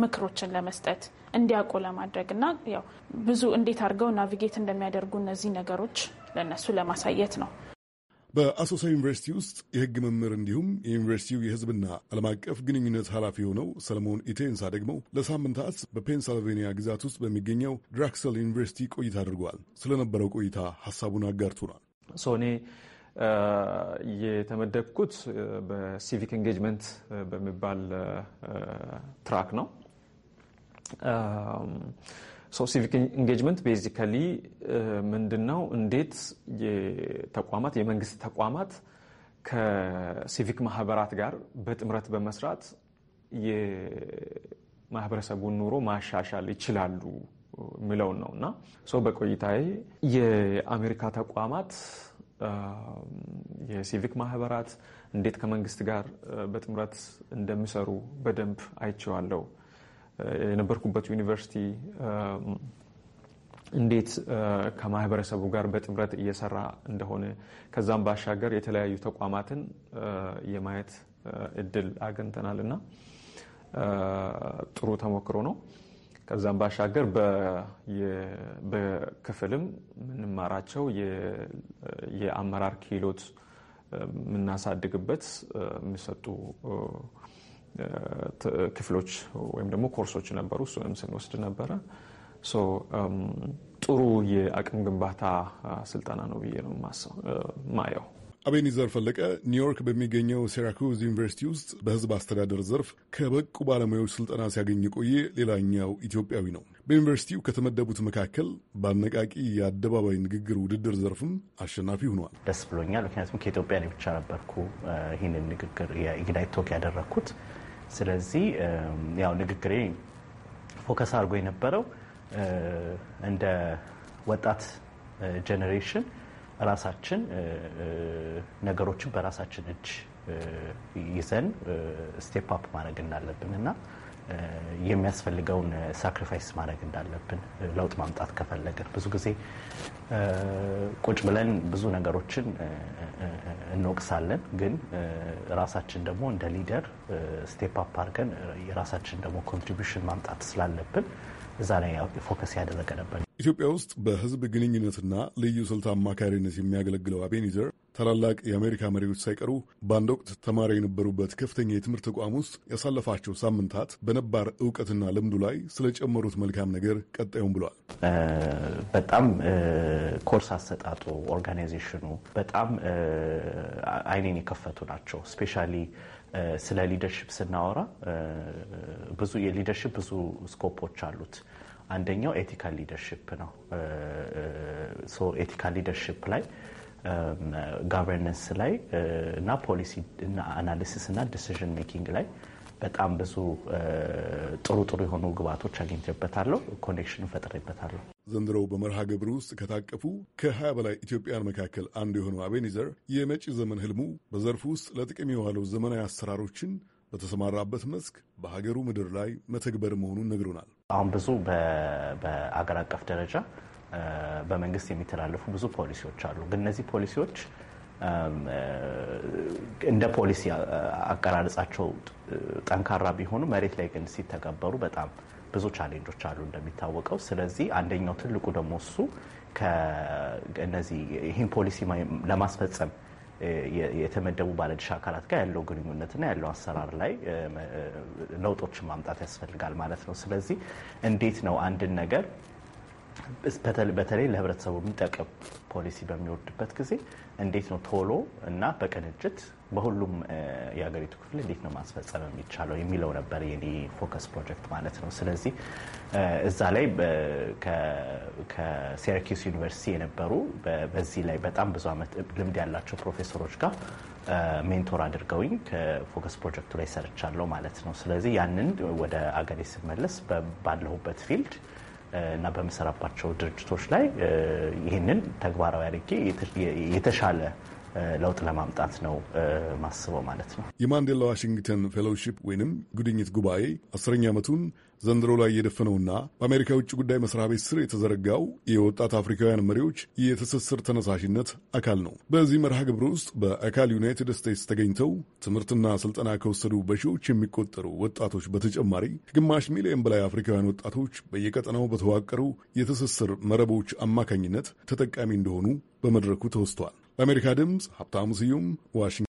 ምክሮችን ለመስጠት እንዲያውቁ ለማድረግ እና ያው ብዙ እንዴት አድርገው ናቪጌት እንደሚያደርጉ እነዚህ ነገሮች ለእነሱ ለማሳየት ነው። በአሶሳ ዩኒቨርሲቲ ውስጥ የህግ መምህር እንዲሁም የዩኒቨርሲቲው የህዝብና ዓለም አቀፍ ግንኙነት ኃላፊ የሆነው ሰለሞን ኢቴንሳ ደግሞ ለሳምንታት በፔንሳልቬኒያ ግዛት ውስጥ በሚገኘው ድራክሰል ዩኒቨርሲቲ ቆይታ አድርገዋል። ስለነበረው ቆይታ ሀሳቡን አጋርቶናል። ሶኔ የተመደብኩት በሲቪክ ኤንጌጅመንት በሚባል ትራክ ነው ሲቪክ ኢንጌጅመንት ቤዚካሊ ምንድነው? እንዴት የተቋማት የመንግስት ተቋማት ከሲቪክ ማህበራት ጋር በጥምረት በመስራት የማህበረሰቡን ኑሮ ማሻሻል ይችላሉ የሚለውን ነው እና ሰው በቆይታዬ የአሜሪካ ተቋማት የሲቪክ ማህበራት እንዴት ከመንግስት ጋር በጥምረት እንደሚሰሩ በደንብ አይቼዋለሁ። የነበርኩበት ዩኒቨርሲቲ እንዴት ከማህበረሰቡ ጋር በጥምረት እየሰራ እንደሆነ ከዛም ባሻገር የተለያዩ ተቋማትን የማየት እድል አግኝተናል እና ጥሩ ተሞክሮ ነው። ከዛም ባሻገር በክፍልም የምንማራቸው የአመራር ክህሎት የምናሳድግበት የሚሰጡ ክፍሎች ወይም ደግሞ ኮርሶች ነበሩ። እሱንም ስንወስድ ነበረ። ጥሩ የአቅም ግንባታ ስልጠና ነው ብዬ ነው ማየው። አቤኒዘር ፈለቀ ኒውዮርክ በሚገኘው ሴራኩዝ ዩኒቨርሲቲ ውስጥ በሕዝብ አስተዳደር ዘርፍ ከበቁ ባለሙያዎች ስልጠና ሲያገኝ የቆየ ሌላኛው ኢትዮጵያዊ ነው። በዩኒቨርሲቲው ከተመደቡት መካከል በአነቃቂ የአደባባይ ንግግር ውድድር ዘርፍም አሸናፊ ሆኗል። ደስ ብሎኛል። ምክንያቱም ከኢትዮጵያ ብቻ ነበርኩ ይህንን ንግግር የኢግናይት ቶክ ያደረግኩት ስለዚህ ያው ንግግሬ ፎከስ አድርጎ የነበረው እንደ ወጣት ጀኔሬሽን ራሳችን ነገሮችን በራሳችን እጅ ይዘን ስቴፕ አፕ ማድረግ እንዳለብን እና የሚያስፈልገውን ሳክሪፋይስ ማድረግ እንዳለብን ለውጥ ማምጣት ከፈለግን ብዙ ጊዜ ቁጭ ብለን ብዙ ነገሮችን እንወቅሳለን። ግን ራሳችን ደግሞ እንደ ሊደር ስቴፕ አፕ አድርገን የራሳችን ደግሞ ኮንትሪቢሽን ማምጣት ስላለብን እዛ ላይ ፎከስ ያደረገ ነበር። ኢትዮጵያ ውስጥ በሕዝብ ግንኙነትና ልዩ ስልት አማካሪነት የሚያገለግለው አቤኒዘር ታላላቅ የአሜሪካ መሪዎች ሳይቀሩ በአንድ ወቅት ተማሪ የነበሩበት ከፍተኛ የትምህርት ተቋም ውስጥ ያሳለፋቸው ሳምንታት በነባር እውቀትና ልምዱ ላይ ስለጨመሩት መልካም ነገር ቀጣዩም ብሏል። በጣም ኮርስ አሰጣጡ፣ ኦርጋናይዜሽኑ በጣም አይኔን የከፈቱ ናቸው። ስፔሻሊ ስለ ሊደርሽፕ ስናወራ ብዙ የሊደርሽፕ ብዙ ስኮፖች አሉት። አንደኛው ኤቲካል ሊደርሽፕ ነው። ኤቲካል ሊደርሽፕ ላይ ጋቨርነንስ um, uh, ላይ uh, እና ፖሊሲ አናሊሲስ እና ዲሲዥን ሜኪንግ ላይ በጣም ብዙ uh, ጥሩ ጥሩ የሆኑ ግብዓቶች አግኝቼበታለሁ። ኮኔክሽን ፈጥሬበታለሁ። ዘንድሮ በመርሃ ግብር ውስጥ ከታቀፉ ከ20 በላይ ኢትዮጵያን መካከል አንዱ የሆነው አቤኒዘር የመጪ ዘመን ህልሙ በዘርፉ ውስጥ ለጥቅም የዋለው ዘመናዊ አሰራሮችን በተሰማራበት መስክ በሀገሩ ምድር ላይ መተግበር መሆኑን ነግሮናል። አሁን ብዙ በአገር አቀፍ ደረጃ በመንግስት የሚተላለፉ ብዙ ፖሊሲዎች አሉ። ግን እነዚህ ፖሊሲዎች እንደ ፖሊሲ አቀራረጻቸው ጠንካራ ቢሆኑ መሬት ላይ ግን ሲተገበሩ በጣም ብዙ ቻሌንጆች አሉ እንደሚታወቀው። ስለዚህ አንደኛው ትልቁ ደግሞ እሱ ከእነዚህ ይህን ፖሊሲ ለማስፈጸም የተመደቡ ባለድርሻ አካላት ጋር ያለው ግንኙነትና ያለው አሰራር ላይ ለውጦችን ማምጣት ያስፈልጋል ማለት ነው። ስለዚህ እንዴት ነው አንድን ነገር በተለይ ለህብረተሰቡ የሚጠቅም ፖሊሲ በሚወርድበት ጊዜ እንዴት ነው ቶሎ እና በቅንጅት በሁሉም የሀገሪቱ ክፍል እንዴት ነው ማስፈጸም የሚቻለው የሚለው ነበር የኔ ፎከስ ፕሮጀክት ማለት ነው። ስለዚህ እዛ ላይ ከሴርኪስ ዩኒቨርሲቲ የነበሩ በዚህ ላይ በጣም ብዙ ዓመት ልምድ ያላቸው ፕሮፌሰሮች ጋር ሜንቶር አድርገውኝ ከፎከስ ፕሮጀክቱ ላይ ሰርቻለሁ ማለት ነው። ስለዚህ ያንን ወደ አገሬ ስመለስ ባለሁበት ፊልድ እና በምሰራባቸው ድርጅቶች ላይ ይህንን ተግባራዊ አድርጌ የተሻለ ለውጥ ለማምጣት ነው ማስበው ማለት ነው። የማንዴላ ዋሽንግተን ፌሎውሺፕ ወይንም ጉድኝት ጉባኤ አስረኛ ዓመቱን ዘንድሮ ላይ የደፈነውና በአሜሪካ የውጭ ጉዳይ መስሪያ ቤት ስር የተዘረጋው የወጣት አፍሪካውያን መሪዎች የትስስር ተነሳሽነት አካል ነው። በዚህ መርሃ ግብር ውስጥ በአካል ዩናይትድ ስቴትስ ተገኝተው ትምህርትና ስልጠና ከወሰዱ በሺዎች የሚቆጠሩ ወጣቶች በተጨማሪ ግማሽ ሚሊዮን በላይ አፍሪካውያን ወጣቶች በየቀጠናው በተዋቀሩ የትስስር መረቦች አማካኝነት ተጠቃሚ እንደሆኑ በመድረኩ ተወስቷል። በአሜሪካ ድምፅ ሀብታሙ ስዩም ዋሽንግተን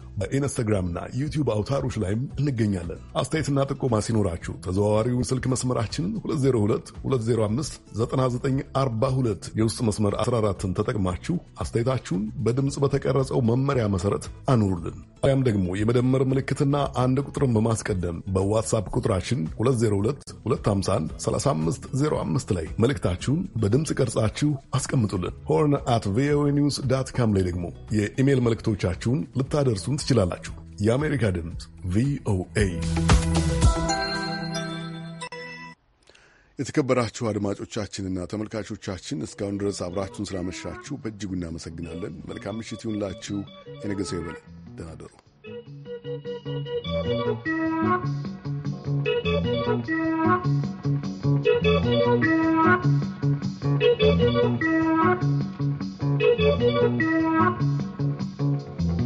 በኢንስታግራምና ዩቲዩብ አውታሮች ላይም እንገኛለን። አስተያየትና ጥቆማ ሲኖራችሁ ተዘዋዋሪውን ስልክ መስመራችን 2022059942 የውስጥ መስመር 14ን ተጠቅማችሁ አስተያየታችሁን በድምፅ በተቀረጸው መመሪያ መሰረት አኑሩልን። ያም ደግሞ የመደመር ምልክትና አንድ ቁጥርን በማስቀደም በዋትሳፕ ቁጥራችን 2022513505 ላይ መልእክታችሁን በድምፅ ቀርጻችሁ አስቀምጡልን። ሆርን አት ቪኦኤ ኒውስ ዳት ካም ላይ ደግሞ የኢሜይል መልእክቶቻችሁን ልታደርሱን ትችላላችሁ። የአሜሪካ ድምፅ ቪኦኤ የተከበራችሁ አድማጮቻችንና ተመልካቾቻችን እስካሁን ድረስ አብራችሁን ስላመሻችሁ በእጅጉ እናመሰግናለን። መልካም ምሽት ይሁንላችሁ። የነገ ሰው ይበለን። ደህና ደሩ።